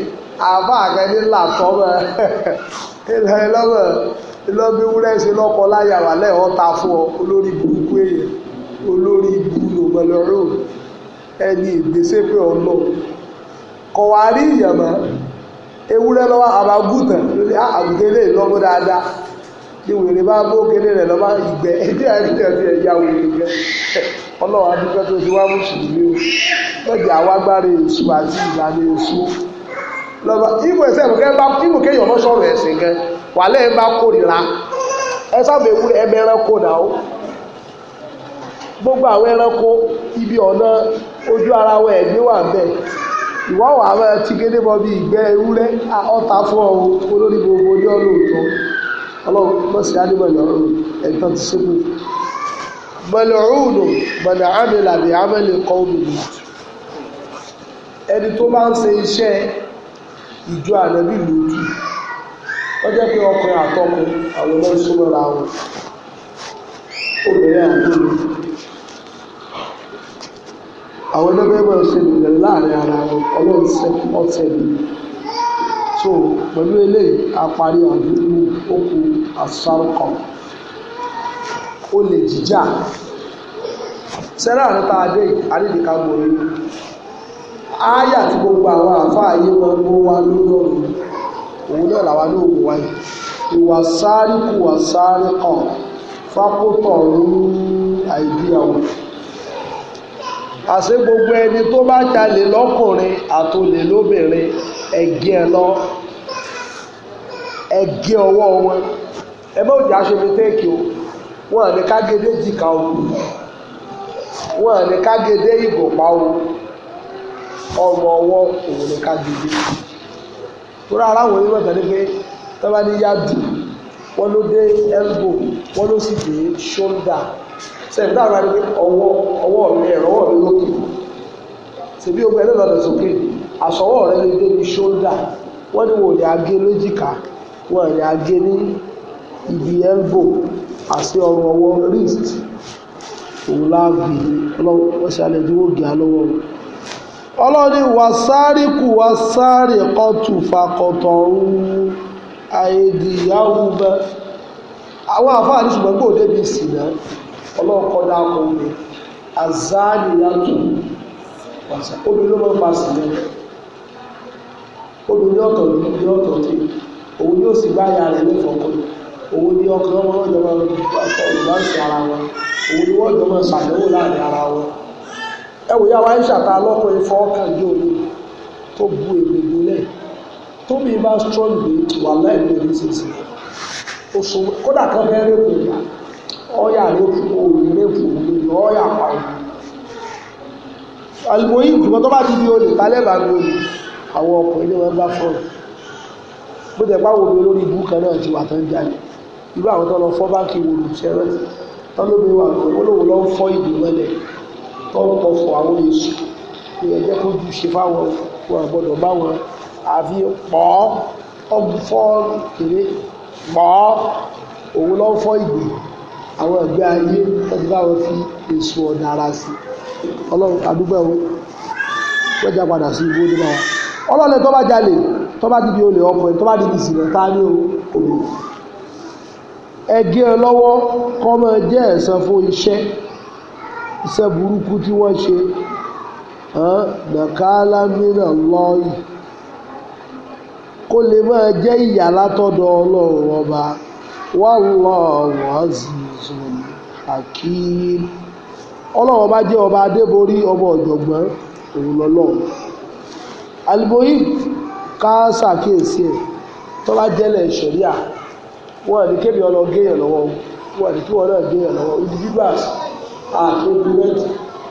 àbá àkẹ́ni làtọ́ bẹ́ẹ̀ ẹ̀ lọ́wọ́ lọ́bí wúrẹ́ ṣe lọ́kọ láyà wà lẹ́ọ̀ ta fún ọ olórí burúkú èèyàn olórí ibùdó mọ̀lọ́rọ̀ ẹni ìgbésẹ̀ pé ọ̀nà kọ̀ wá rí ìyàmọ́ ewúrẹ́ lọ́wọ́ àbágùtàn lórí àgùtẹ́lẹ̀ lọ́mọ dáadáa ní wèrè bá bó kéde rẹ̀ lọ́mọ ìgbẹ́ ẹjẹ́ àríyàn ti ẹ̀yà wèrè gẹ́ ọlọ́wọ́ adúgbò tó ti wá mùsùlùmí o lọ́jà awágbára èṣù àti ìlànà èṣù lọ́ba ìmọ̀ ẹ̀sẹ̀ ìmọ̀ kéèyàn lọ́sọ̀rọ̀ ẹ̀sìn gan-an wàhálà ẹ bá kórìíra ẹ sábà ewúrẹ́ ẹbẹ ẹranko náà gbogbo àwọn ẹranko ibi ọ̀nà ojú ara wọn ẹ̀gbẹ́ wà bẹ́ẹ̀ ìwọ́ wà máa ti gédé bọ́ bí ìgbẹ́ ewúrẹ́ ọ̀tá fún ọ olórí gbogbo ní ọ̀nà òótọ́ ọlọ́run mọ̀sí ádùmọ̀lẹ̀ ọ̀run ẹ̀tàn ti ṣépè mọ̀lẹ́rùnù mọ̀lẹ́ àmìlà bí àmìlẹ̀ kọ́ òmìnira ẹni tó máa ń ṣe iṣẹ́ ìjọ ànábì lójú ó jẹ́ pé ọkùnrin àtọkùn àwọn ọmọ ìṣúmọ́ra wọn obìnrin àtọ́lù àwọn ẹlẹ́gbẹ̀rẹ̀ ṣe nìyẹn láàrin ara wọn ọlọ́run ṣe ọ̀tẹ̀ mi so pẹ̀lú eléyìí a parí àdúgbò okùn àṣàrùkọ ó lè jíjà sẹ́rà rẹ̀ tá a dé àdídìka gbòòrò ááyà tí gbogbo àwọn àfáà yìí wọn gbó wa lórí ọ̀rọ̀ òun náà làwa ní òkú wáyé ìwà sáré kù wà sáré kàn fákótọ̀ ní àìdíyàwó àṣé gbogbo ẹni tó bá jalè lọ́kùnrin àtolè lóbìnrin ẹgẹ ẹ lọ ẹgẹ ọwọ́ wọn ẹ bá òjì aṣọ mi tẹ́ẹ̀kì o wọn à ní kágédé jìkà o wọn à ní kágédé ìgòpá o ọmọ ọwọ́ òun ní kágédé. tora ara àwọn onímọ̀ tẹ̀lé pé ni ní yáàdì wọ́n ló dé elbow wọ́n ló sì dé shoulder sẹ́yìn táwọn ní pé ọwọ́ ọwọ́ mi ẹ̀rọ ọwọ́ mi lókè ṣèbí ogun ẹlẹ́nà lọ sókè àsọwọ́ rẹ lè dé ní shoulder wọ́n ò ní agé lójìká ò ní agé ní ọlọ́ni wasáríkù wasárí kọ́tù fakọ̀tọ̀rù àìdíyàwó bẹ́ àwọn àfáà ní ṣùgbọ́n kò débi ìsìnà ọlọ́kọ̀dá ọkùnrin àzáàlìyàtù obìnrin ló máa ń fa sílẹ̀ obìnrin ọ̀tọ̀ ní ibi ọ̀tọ̀ tí òun yóò sì bá ya rẹ̀ nífọ̀kọ́ òun ni ọkùnrin ọmọ wọn jọ máa ń fa ọ̀dọ́ sí ara wọn òun ni wọ́n jọ máa ń ṣàdéhùn láàrin ara wọn ẹwò yá wa ń ṣàtà lọ́kọ̀ ifọ̀ ọkàn jẹ́ òní tó bu ègbè gúnlẹ̀ tó bí bá strong weight wà láìpẹ́ ní sísè oṣù kódà kan fẹ́ rẹ́pù ìyá ọ̀yà rẹ́pù òní rẹ́pù òní ọ̀yà pàrọ̀ àlùmọ́yìn ìgbìmọ̀ tó bá ti di olè tálẹ́ bá ní olè àwọn ọkọ̀ ilé wọn bá fọ́ọ̀rọ̀ bó tẹ̀ pá wo mi olórí ibú kan náà ti wà tán jáde irú àwọn tó lọ fọ́ báńkì wò lù tán ló mi wà lọ́wọ́ lọ́wọ́ lọ́wọ́ fọ́ ìgbìmọ̀ lẹ́yìn tọ́pọ̀ fún àwọn èṣù kí ẹjẹ́ kójú ṣe fáwọn wọn gbọ́dọ̀ bá wọn àfi pọ̀ ọgbùfọ́ kéré pọ̀ òun lọ́ fọ́ ìgbè àwọn ẹgbẹ́ ayé wọ́n ti báwọn fi èṣù ọ̀dà ara sí ọlọ́run àdúgbò wọn wọ́n já padà sí ibú nígbà wọn ọlọ́lẹ̀ tó bá jalè tó bá dìbì olè ọkọ̀ ẹ̀ tó bá dìbì sí lọ́ta ní òun ẹgẹ́ lọ́wọ́ kọ́mọ jẹ́ ẹ̀san fún iṣẹ́ iṣẹ́ burúkú tí wọ́n ṣe nàkàlà mìíràn yìí kó lè máa jẹ́ ìyà látọ̀dọ̀ ọlọ́run ọba wallahu azizun hakim ọlọ́run ọba jẹ́ ọba adéborí ọba ọ̀jọ̀gbọ́n òun lọ́lọ́run alimoyim ká ṣàkíyèsí ẹ̀ tó jẹ́lẹ̀ ìṣẹ̀ríà wọ́n ní kébì ọlọ́gẹ́yàn lọ́wọ́ wọ́n ní ṣe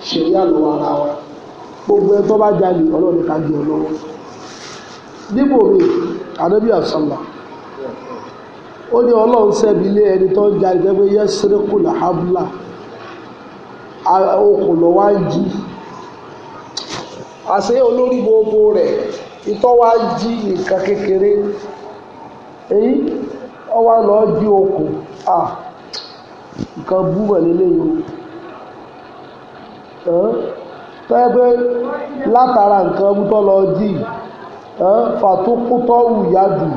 ṣẹ̀rí àlọ́wọ́ ara wa gbogbo ẹ̀ tó bá jalè ọlọ́run ká jẹ lọ́wọ́ dípò mi àdébí àsàlà ó ní ọlọ́run sẹ́bi lé ẹni tó ń jalè gẹ́gẹ́ yẹ sẹ́rẹ́kù làhábùlà okùn lọ́wọ́ á jí àṣẹ olórí gbogbo rẹ wá jí kékeré èyí jí okùn ah, nǹkan lélẹ́yìn o. tẹ́ pé látara nǹkan wútọ́ lọ jì fàtúkútọ́ wùyádù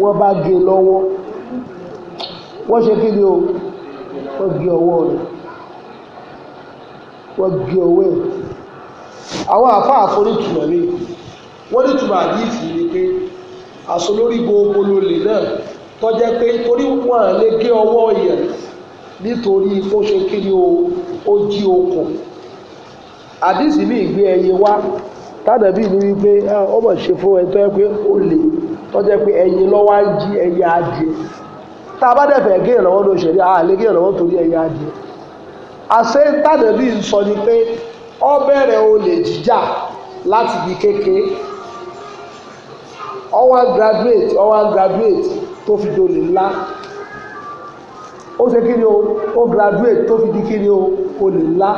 wọ́n bá gé e lọ́wọ́ wọ́n ṣe kí ni o wọ́n gé ọwọ́ rẹ̀ wọ́n gé ọwọ́ ẹ̀ àwọn àfáà forítùmọ̀ mi wọ́n ní túmọ̀ àdíìsì ni pé àṣọ lórí gbogbo lolè náà tọ́jẹ́ pé torí wọn lè gé ọwọ́ yẹn nítorí kó ṣe kí ni o ó jí okùn àdìsí mi gbé ẹyẹ wá tádàbí ni wípé ah, ó mọ̀ ṣe fún ẹni tó yẹ pé ó lè tó jẹ́ pé ẹyẹ lọ́wọ́ á jí ẹyẹ adìẹ tá a bá dẹ̀ fẹ́ gé ìrànwọ́ ló ṣẹlẹ̀ a lè gé ìrànwọ́ torí ẹyẹ adìẹ àṣẹ tádàbí sọ ni pé ó bẹ̀rẹ̀ olè jíjà láti ibi kékeré ó wá graduate ó wá graduate tó fi dolè ńlá ó ṣe kí ni o ó graduate tó fi di kí ni o olè ńlá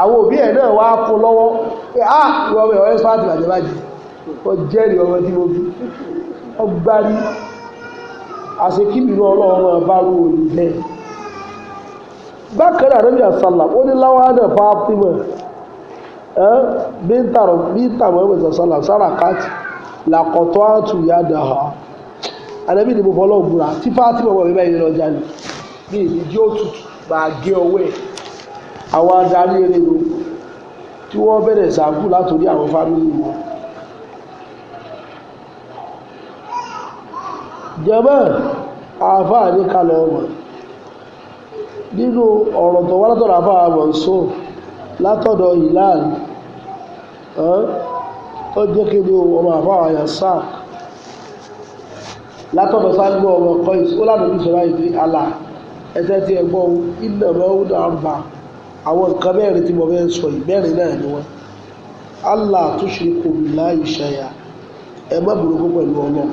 àwọn òbí ẹ̀ náà wá kó lọ́wọ́ pé á ah, ìwọ ọmọ ẹ̀wọ́ ẹ́sùpáàtì bàjẹ́ bàjẹ́ ó jẹ́rìí ọmọ tí mo bí ó gbárí àṣekíbìnú ọlọ́run máa bá rú òní bẹ́ẹ̀ bákan náà rẹ́bí àṣàlà ó ní láwọn àdà Fátímà ẹ́ bíntàrọ̀ bíntàmọ́ ẹ̀wẹ̀ sàṣàlà sára káàtì làkọ̀tọ́ àtúnyàdà ha àdàbí ìdìbò fọlọ́ọ̀gbùra tí Fátímà wọ̀ bẹ́ẹ̀ yẹn lọ jáde bí ìdíjí ó tutù bá gé ọwọ́ ẹ̀ àwọn adarí eléwo tí wọ́n bẹ̀rẹ̀ ṣàǹkù látòrí àwọn fámìlì wọn. jẹ́mọ́ àáfàá ní kalẹ̀ ọmọ nínú ọ̀rọ̀ tó wá látọ̀dọ̀ àáfàá àmọ̀ ń sọ látọ̀dọ̀ ìlànà tó jẹ́ kí ní ọmọ àfáwà yà sáà látọ̀dọ̀ sáàgbọ́ ọmọ kọ́ìs ó lánàá bí sọ láì fi àlà ẹ̀tẹ́ tí ẹgbọ́ ilẹ̀ mẹ́wúdà ń bá àwọn nǹkan mẹ́rin tí mo fẹ́ sọ yìí mẹ́rin náà ni wọ́n allah tushriku billahi shay'a ẹ má burúkú pẹ̀lú ọlọ́run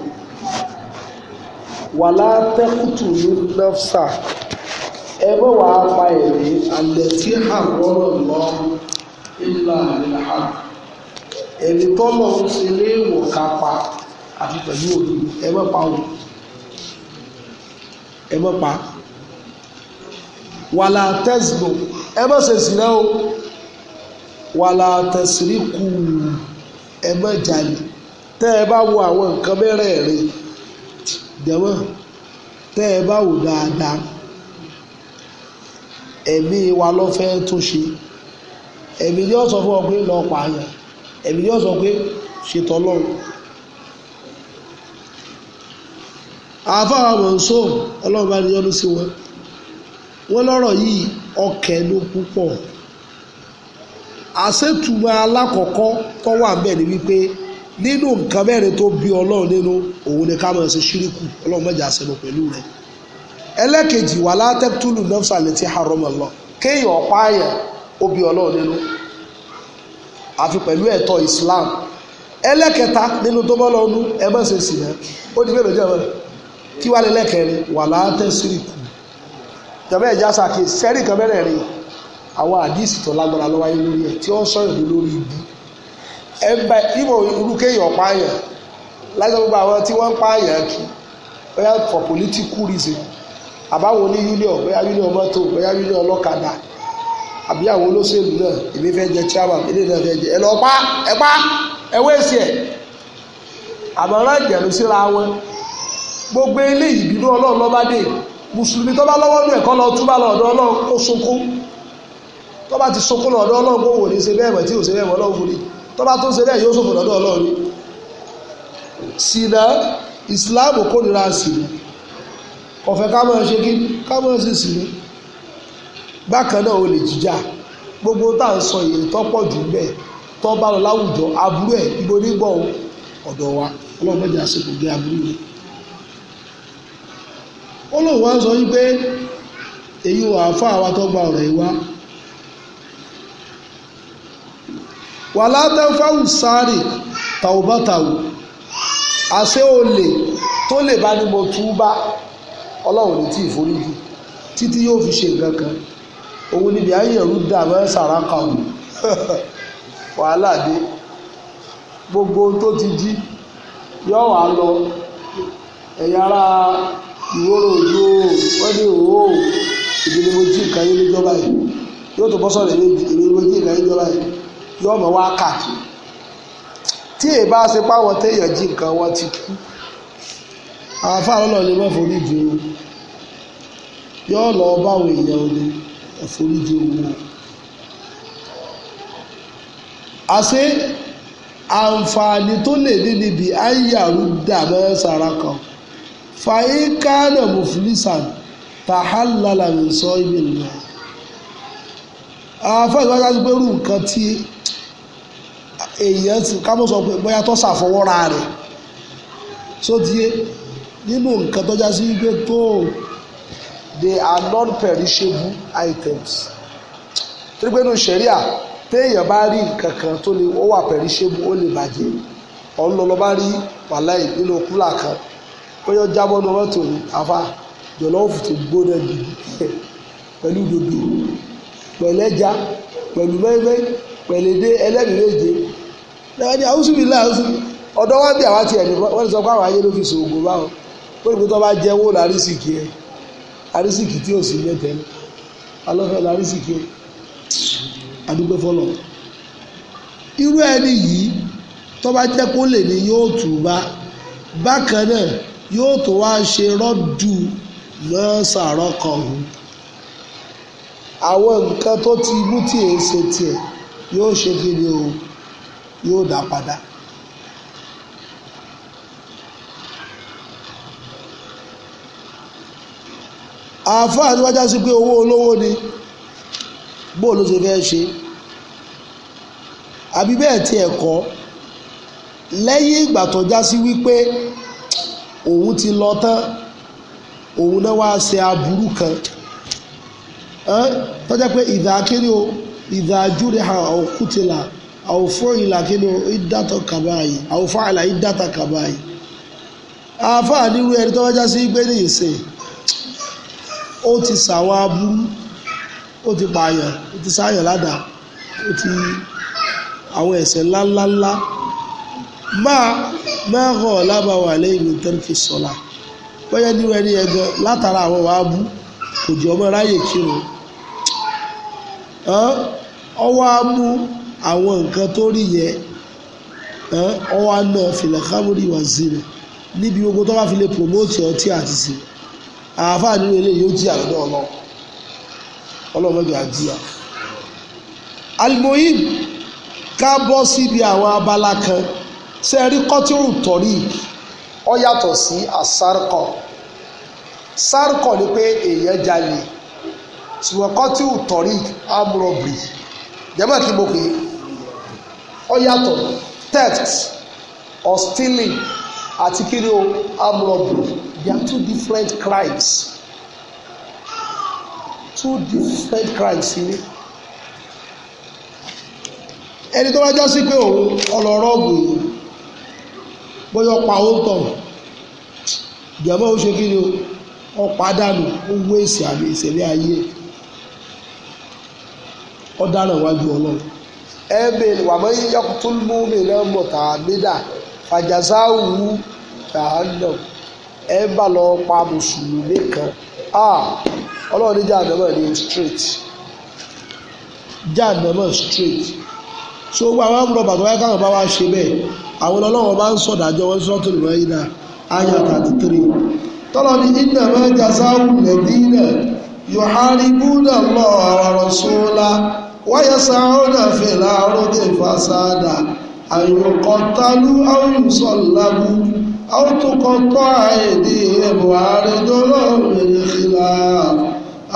wala taqtulu nafsa ẹ bọ́ wàá pa ẹ̀rí alẹ́ tí àbọ̀rọ̀ lọ illa bil haqq ẹ̀mí tọ́lọ̀ ń ṣe léèwọ̀ ká pa àti pẹ̀lú òbí ẹ má pa òun ẹ má pa wàlá tẹ́sibọ̀n ẹ má ṣe zìnà o wàlà tẹ̀síríkù ẹ má jalè tẹ́ ẹ bá wo àwọn nǹkan mẹ́rẹ̀ẹ̀rin jẹ́mọ́ tẹ́ ẹ bá wò dáadáa ẹ̀mí wa ló fẹ́ tó ṣe ẹ̀mí yóò sọ fún ọ pé lọ́ọ́ pààyàn ẹ̀mí yóò sọ pé ṣètò ọlọ́run. àfáà Mansur ọlọ́run bá ní yọ́nú sí wọn wọ́n lọ́rọ̀ yìí ọkẹ́ ló púpọ̀ àṣetùmọ̀ alákọ̀ọ́kọ́ tó wà ń bẹ̀ ni wípé nínú nǹkan mẹ́rin tó bí ọlọ́run nínú òun ni ká máa ṣe ṣíríkù ọlọ́run mẹ́jọ àṣẹnu pẹ̀lú rẹ̀ ẹlẹ́kejì wà látẹ́kùtùlù nọ́fṣàlẹ̀ tí harọ́mọ̀ lọ kéèyàn ọ̀pá àyàn ó bí ọlọ́run nínú àfi pẹ̀lú ẹ̀tọ́ Islam ẹlẹ́kẹta nínú tó bọ́ lọ́nu ẹ má ṣe sìnà ó di mélòó jẹ́ mọ́ kí wàá lẹ́lẹ́kẹrin wà látẹ́sírìkù jọba ẹja sàkè sẹ́rí kan bẹ̀rẹ̀ rè àwọn àdìsí tó lágbára lọ́wọ́ ayé lórí ẹ̀ tí ó ń sọ̀rọ̀ lé lórí ibu ẹ bá ibo irú kéèyàn pààyàn lájọ gbogbo àwọn tí wọ́n ń pààyàn kì bóyá for political reason àbáwọn oní union bóyá union mọ́tò bóyá union ọlọ́kadà àbí àwọn olóṣèlú náà èmi fẹ́ jẹ chairman èmi náà fẹ́ jẹ ẹ lọ pa ẹ pa ẹ wéèsì ẹ àmọ́ ọ̀rọ̀ ìjẹ̀lú síra wọn gbogbo eléyìí bínú ọlọ́run lọ́ba dé mùsùlùmí tó bá lọ́wọ́ nù ẹ̀kọ́ lọ túbà lọ́dọ̀ ọlọ́run kó sunkún tó bá ti sunkún lọ́dọ̀ ọlọ́run kó wò ní ṣe bẹ́ẹ̀ mọ̀ tí ò ṣe bẹ́ẹ̀ mọ̀ ọlọ́run fúnni tó bá tó ṣe bẹ́ẹ̀ yóò ṣòfò lọ́dọ̀ ọlọ́run ni. sìnà ìsìláàmù kórìíra sìnà ọ̀fẹ́ ká máa ṣe kí ká máa ṣe sìnà bákan náà olè jíjà gbogbo tá à ń sọ èyí tọ́pọ̀ jù bẹ́ẹ̀ tọ́ bá lọ láwùjọ aburú ẹ̀ ibo nígbọ̀ ọ̀dọ̀ wa ọlọ́run mẹ́jọ àṣepọ̀ gẹ́ aburú yìí ó lóun wá sọ wípé èyí wà fún àwa tó gba ọ̀rọ̀ yìí wá wà látẹ́fáwù sáré tàwùbátàwù àṣé olè tó lè bá ní mo tú bá ọlọ́run ní tí ìforíjì títí yóò fi ṣe nǹkan kan òun níbi ayẹ̀rú dà mọ́ sàràkà wù wàhálà dé gbogbo tó ti jí yọ wà lọ ẹ̀yà ara ìwóró òjò wọ́n ní òwò èdè ni mo jí nǹkan yé níjọba yìí yóò tó bọ́ sọ̀rọ̀ èdè ni mo jí nǹkan yé níjọba yìí yóò mọ̀ wá káàkiri tí èyí bá ṣe páwọn téèyàn jí nǹkan wọn ti kú àwọn fáwọn náà lè má forí ju o yóò lọ báwọn èèyàn ní ẹ̀forí ju owó àṣé àǹfààní tó lè ní níbi ayélujára mẹ́sàrán kan fàyín kánà muflisan tàhálàlà ń sọ ibi nìyà àfa ìwádìí wájú pé irú nǹkan tí èèyàn ti ká mọ̀ sọ pé bóyá tó ṣàfọwọ́ra rẹ̀ sódìé nínú nǹkan tó já wípé tó they are non-perishable items torí pé inú ṣẹ̀ríà téèyàn bá rí nǹkan kan tó lè ó wà perishable ó lè bàjẹ́ ọ̀nlọ́lọ́ bá rí wàhálà nínú kúlà kan bóyá jábọ́ ní mọ́tò ní àfa jọ̀lọ́ọ̀fù tó gbóná gidi pẹ̀lú dòdò pẹ̀lú ẹja pẹ̀lú mẹ́mẹ́ pẹ̀lú èdè ẹlẹ́mìíràn lẹ́wọ́n ní àwùsùnmí láàásù ọ̀dọ́ wọn bí àwa ti ẹ̀ wọ́n ti sọ pé àwọn ayé ló fi ṣòògùn báwọn ó rí pé tó bá jẹ́ owó lárísìkì ẹ̀ lárísìkì tí ò sí mẹ́tẹ́ ní alọ́fẹ́ lárísìkì ẹ̀ adúgbò fọlọ́ irú ẹni yìí tó bá jẹ́ kó lè ní yóò tù bá bákan náà yóò tó wá ṣe rọ́dù lọ́sàárọ̀ kan òun àwọn nǹkan tó ti mú tí èé ṣe tiẹ̀ yóò ṣe kí ni o yóò dá padà. àáfàá ni wọ́n já sí pé owó olówó ni bó ló ṣe fẹ́ ṣe àbí bẹ́ẹ̀ tiẹ̀ kọ́ lẹ́yìn ìgbà tó já sí wípé òun ti lọ tán òun náà wá ṣe aburú kan tọ́jà pé ìdákiri o ìdájúre ha òkútìlà àwòfọ́ ìlàkiri o ìdátọ̀ kàbáyì àwòfọ́ àlà ìdátọ̀ kàbáyì àáfàá nírú ẹni tó wájá sí gbé ní ìsìn ó ti ṣàwọn aburú ó ti pààyàn ó ti sáyàn ládàá ó ti àwọn ẹ̀ṣẹ̀ ńláńláńlá máa máa hàn lábàwọ̀ àlẹ́ ìlú tẹ́lifí sọ̀la bóyá ní wẹ́n ní ẹ̀gán látara àwọn wàá bú kò jọ ọmọ ráyè kírun ọwọ́ á mú àwọn nǹkan tó rí yẹ ọwọ́ á náà fìlà kámúrì níbi gbogbo tó bá fi lè promote ọtí àti sí àáfàá nínú eléyìí ó jí àlọ́dọ̀ ọlọ́ ọlọ́mọdé àjíyà alimoyin ká bọ́ síbi àwọn abala kan ṣe rí kọ́tírù tọ́rí ọ yàtọ̀ sí àsárkọ̀ sárkọ̀ ni pé èèyàn jalè ṣùgbọ́n kọ́tírù tọ́rí amúrọ̀bì jẹ́mọ̀ kí mo pè é ọ yàtọ̀ theft or stealing àti kiri o amúrọ̀bì they are two different crimes two different crimes ni ẹni tó bá jásí pé òun ọlọ́rọ̀ ọ̀gbìn yìí. bóyá ọ̀pá ó ń tọ̀ jẹ̀mọ́ ó ṣe kí ni ọ̀pá dànù ó èsì àmì ìṣẹ̀lẹ̀ ayé ọ̀daràn wájú ọlọ́run wà mọ́ yíyọ́kùtún mú mi náà mọ̀ tààmídà fàjàsáwù jahannam ẹ̀ ń lọ pa mùsùlùmí so àwọn wáyé káwọn bá wá ṣe àwọn ọlọ́wọ́n bá ń sọ̀dájọ́ wọn Suratul Maida ayà 33 tọ́lọ́ ní innama jazaa'u alladhina yuharibuna Allaha wa rasulahu wa yas'awna fil ardi fasada an yuqattalu aw yusallabu aw tuqatta'a aydihim wa arjuluhum min khilaf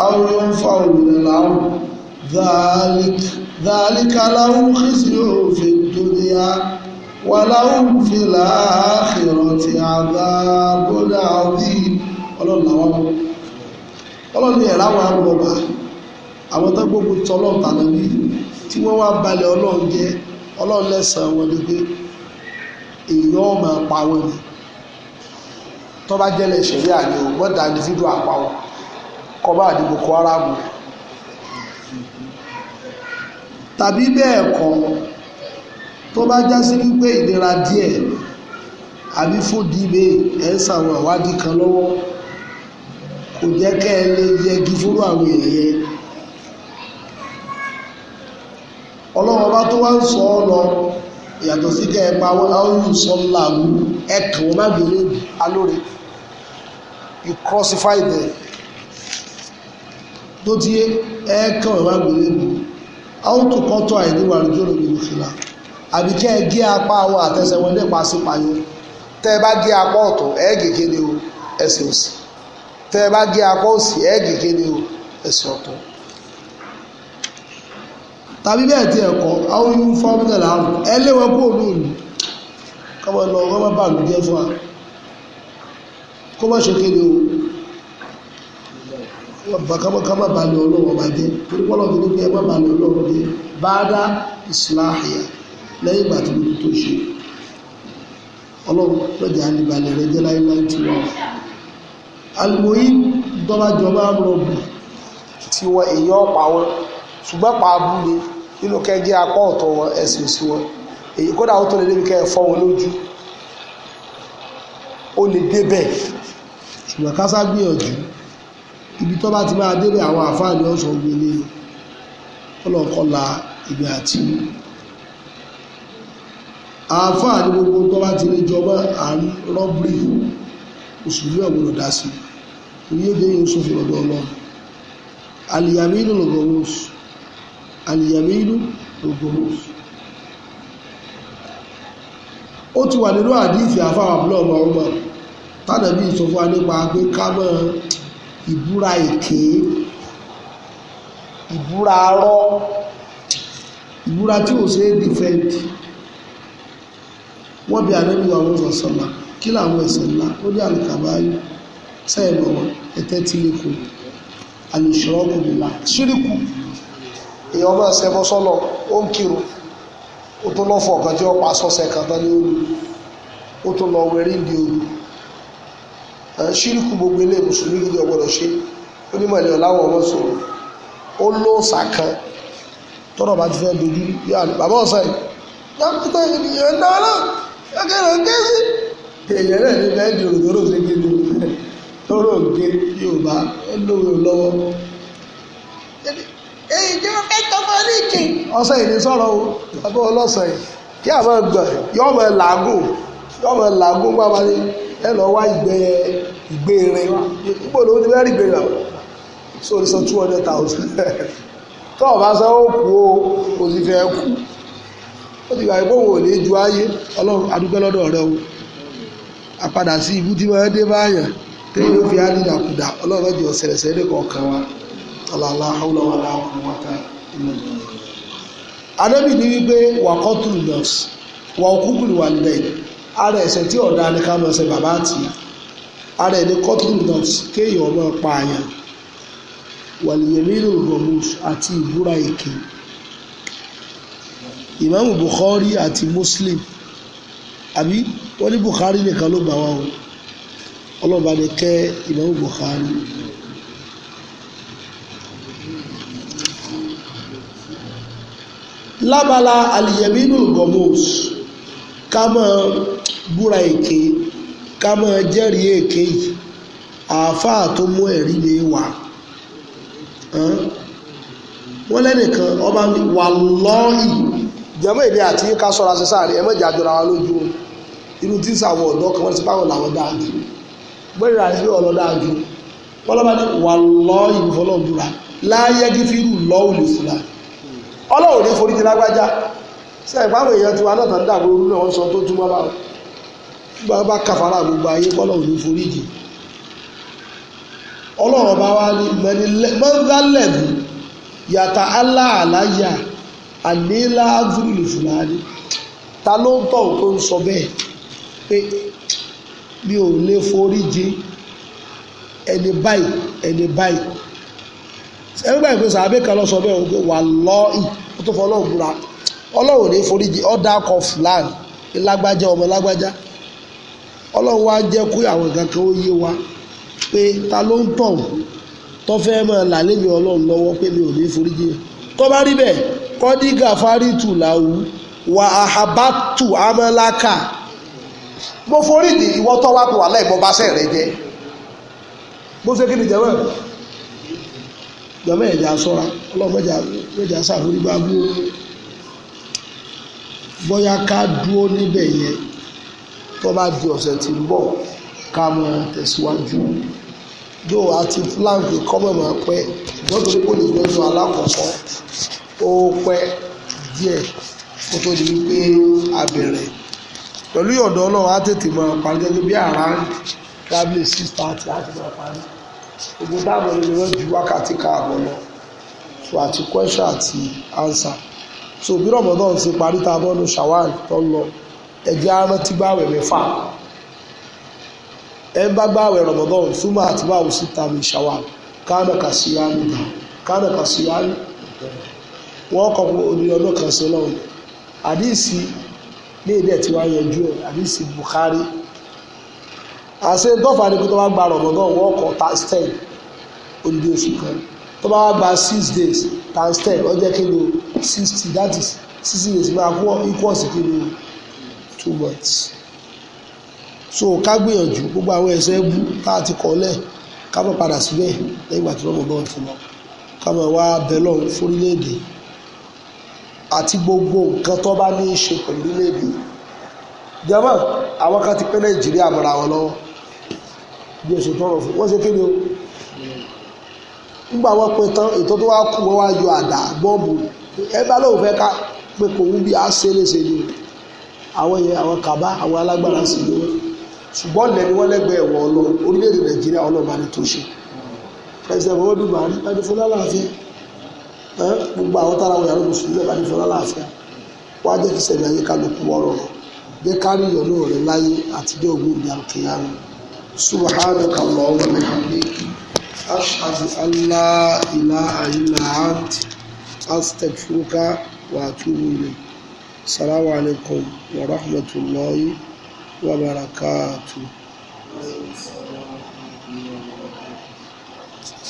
aw yunfaw minal ard dhalik dhalika lahum khizyun fid dunya ولهم في الآخرة عذاب عظيم ọlọ́run làwọn mọ̀ ọlọ́run ní ẹ̀rá wa rọ̀bà àwọn tó gbogbo tọ́ ọlọ́run tàná bí tí wọ́n wá balẹ̀ ọlọ́run jẹ́ ọlọ́run lẹ́sàn-án wọn ni pé èèyàn máa pa wọn ni tó bá jẹ́lẹ̀ ìṣẹ̀lẹ̀ àní o wọ́n dá individu àdìbò kọ́ ara mu tàbí bẹ́ẹ̀ kọ́ tó bá já sí wípé ìlera díẹ̀ àbí fòdì ibè ẹ̀ ń ṣàwọn ìwádìí kan lọ́wọ́ kò jẹ́ kẹ́ ẹ lè yẹgi fúrú àwọn èèyàn yẹn ọlọ́run ọba tó wá ń sọ ọ́ lọ yàtọ̀ sí kẹ́ ẹ pa wọn áwùjọ sọ làwù ẹ kàn wọ́n má gbèrè alóore you crucify them tó ti ẹ kàn wọ́n má gbèrè áwùjọ kọ́tọ̀ àìníwájú lórí ìlú fìlà àbí kí ẹ gé apá àwọn àtẹsẹ̀ wọn lè pàṣípàyọ tẹ́ ẹ bá gé apá ọ̀tún ẹ gègé ni o ẹsẹ̀ òsì tẹ́ ẹ bá gé apá òsì ẹ gègé ni o ẹsẹ̀ ọ̀tún tàbí bẹ́ẹ̀ tí ẹ̀kọ́ àwọn ohun fọ́mítà láàrùn ẹlẹ́wọ̀n kó ní ìlú kọ́mọ lọ wọ́n máa lù jẹ́ fún wa kó ṣe kéde o kọ́mọ bà lù ọlọ́wọ́ bá jẹ́ torí pọ́lọ́ tó ní pé ẹ má bà lù ọlọ́wọ́ lẹ́yìn ìgbà tí gbogbo tó ṣe ọlọ́run lọ́jà àlìbalẹ̀ rẹ jẹ́ láíláí tí wọ́n alìmọ̀yí dọ́bàjọba rọ̀bù tí wọ́n èyí ọ̀pá wọn ṣùgbọ́n pa abúlé nínú kẹjẹ apá ọ̀tọ̀ wọn ẹ̀sìn sí wọn èyí kódà ó tó lè débi kẹ́ ẹ̀ fọ́ wọn lójú ó lè débẹ̀ ṣùgbọ́n kásá gbìyànjú ibi tó bá ti máa débẹ̀ àwọn àfáàní ọ̀sán gbélé ọlọ́kọ́la àti ìlú àáfàá ni gbogbo tó bá ti lè jọmọ́ à ń rọ́bìrì mùsùlùmí ọ̀gbọ̀dọ̀ dá sí ìyé dé yóò sófin ọ̀dọ̀ ọlọ́run alìyàmínú lọ́gọ́rùs alìyàmínú lọ́gọ́rùs ó ti wà nínú àdíìsì àfáwà blọọmọ ọmọ tánàbí ìsọfún wa nípa pé ká mọ ìbúra èké ìbúra arọ ìbúra tí ò ṣe é dìfẹ́ǹtì wọ́n bí ànábì wa wọ́n sọ̀ sọ̀la kí làwọn ẹ̀ṣẹ̀ ńlá ó dé àlùkàbáyé sẹ́yìn bọ̀ wọ́n ẹ̀tẹ́ tí lè kú àlùṣọ́ọ̀kù nìlá ṣíríkù èèyàn máa ṣe bọ́ sọ́lọ ó ń kírun ó tó lọ́ fọ ọ̀kan tí wọ́n pa sọ́sẹ̀ kan tán ní olú ó tó lọ wẹ̀rí ìdí olú ṣíríkù gbogbo ilé mùsùlùmí gidi ọgbọ́dọ̀ ṣe onímọ̀ ilẹ̀ ọ̀làwọ̀ ọmọ sọ̀rọ̀ ó ló sàkán tọ́rọ̀ bá ti fẹ́ dojú bàbá ọ̀sán yìí ọgẹ́rẹ́ ọgẹ́sí èèyàn náà ní bẹ́ẹ̀ di òdòdó ṣe kéde ògé yorùbá lọ́wọ́ èyí tí wọ́n fẹ́ tọ́kọ ní ọ̀sẹ̀ yìí sọ̀rọ̀ o ọlọ́sẹ̀ yìí kí àwọn yọ ọmọ làágùn yọ ọmọ làágùn wáyé ẹ lọ wá ìgbẹ́ ìgbé rẹ ti sọ two hundred thousand tọ́ bá sọ ó ti gbà pé òun ju ayé ọlọ́run adúgbò lọ́dọ̀ rẹ o àpadà sí ibú tí wọ́n dé báyàn tẹ́lẹ̀ yóò fi ádìdàkudà ọlọ́run ọjọ́ sẹ̀rẹ̀sẹ̀ ní kọ̀ọ̀kan wa ọ̀làlá ọlọ́wọ́lá ọmọwáta iná wípé wà kọ́tùlù nọ́ọ̀sì wà òkúkùlù wà níbẹ̀ ara ẹ̀sẹ̀ tí ọ̀dà ni ká ala bàbá àti ara ẹ̀ ní kọ́tùlù nọ́ọ̀sì kéèyàn ọmọ pààyàn wà lìyẹ̀mí lòrùn àti ìbúra ìmáàmù Bukhari àti Muslim àbí wọ́n ní Bukhari nìkan ló bá wa o ọlọ́ba ni kẹ́ ìmáàmù Bukhari. lábala aliyaminu Gomos, ká máa búra èké ká máa jẹ́rìí èké yìí àáfàá tó mú ẹ̀rí lè wà wọ́n lẹ́nìkan ọba wà lọ́ọ̀yì jẹ́mọ́ èmi àti yín ká sọ́ra ṣe sáàrin ẹ̀ mọ́jà jọra wa lójú o irú tí ń sàwọn ọ̀dọ́ kan wọ́n ti báwọn làwọn dáa rà sí dáa ní wà lọ́ ìlú láyé fi irú fúnra ọlọrun ní forí ṣe èèyàn tiwa náà dàgbò náà sọ tó bá wọn bá kàfàrà gbogbo ayé ní àlélá ádùrùlù fúlàní ta ló ń tọ̀ tó ń sọ bẹ́ẹ̀ pé mi ò lè forí jì ẹni báyìí ẹni báyìí ẹni báyìí pé kan lọ sọ bẹ́ẹ̀ wọ́n wà lọ́ọ̀ì ó tó fọ ọlọ́run búra ọlọ́run forí ọ́ dákọ̀ wa pé ta ló ń tọ̀ mọ́ kọ́dígà fáritù làwù wà àhàbàtù amọ́láka mo forí di ìwọ tó wá kó wà láì bọ́ba sẹ́ rẹ jẹ bó ṣe kí ni jẹ́wọ́ jọmọ ẹ̀jẹ̀ asọ́ra ọlọ́mọ ẹ̀jẹ̀ asàforí bá bú bóyá ká dúró níbẹ̀ yẹn tó bá di ọ̀sẹ̀ tí ń bọ̀ ká mọ tẹ̀síwájú yóò àti fúlàǹkì kọ́mọ̀ máa pẹ́ ìjọba tó ní kò ó pẹ́ díẹ̀ kó tó di wípé a bẹ̀rẹ̀ pẹ̀lú ìyọ̀dọ̀ ọlọ́run á tètè mọ parí gẹ́gẹ́ bí àrá six thirty á ti mọ parí gbogbo táàbọ̀ ló lọ́ọ́ ju wákàtí káàbọ̀ lọ so àti question àti answer so bí rọ̀mọ́dọ́n ṣe parí tá a bọ́ tó ń lọ ẹ̀jẹ̀ bá gbá súnmọ́ àti báwo sí wọ́n kọ́ orí ọdún kan sí lọ́wọ́ àdìsí léèdè tí wàá yẹjú ẹ̀ àdìsí Bukhari àṣẹ tọ́fà ni pé tó bá gba rọ̀mọ́dọ́ wọ́n kọ́ times ten olùdí oṣù kan tó bá gba six days times ten ó jẹ́ kí ni o sixty that is sixty days máa kú equals kí ni o two months so ká gbìyànjú gbogbo àwọn ẹ̀ṣẹ̀ bú tá a ti kọ́ lẹ̀ ká mọ̀ padà síbẹ̀ lẹ́yìn ìgbà tí rọ̀mọ́dọ́ ti lọ ká mọ̀ wá bẹ́lọ̀ fórílẹ̀-èdè àti gbogbo nǹkan tó bá ní í ṣe pẹ̀lú lédè jẹ́mọ́ àwọn kan ti pẹ́ nàìjíríà mọ́ra wọn lọ́wọ́ bí oṣù tọrọ fún wọ́n ṣe kí ni o nígbà wọ́n pin tán ètò tó wá kù wọ́n wá yọ àdá bọ́ọ̀bù ẹ bá lóun fẹ́ ká pé kò ń bí a ṣe léṣe ni àwọn yẹn àwọn kàbá àwọn alágbára sì ni wọ́n ṣùgbọ́n lẹ́ni wọ́n lẹ́gbẹ̀ẹ́ ẹ̀wọ̀ ọlọ́run orílẹ̀-èdè nàìjíríà ọlọ́run bá ní tó ṣe president muhammadu buhari ẹni fún lálàáfíà gbogbo àwọn tára wọn yàrá mùsùlùmí lẹ́bàá ní fọlá láàfíà wá jẹ́ kí sẹ̀mí ayé kálukú ọ̀rọ̀ rẹ̀ kárí ìyọ̀nù rẹ̀ láyé àtijọ́ ògbó ìdí àkèyàn subhanaka allahumma wa bihamdika ashhadu an ant wa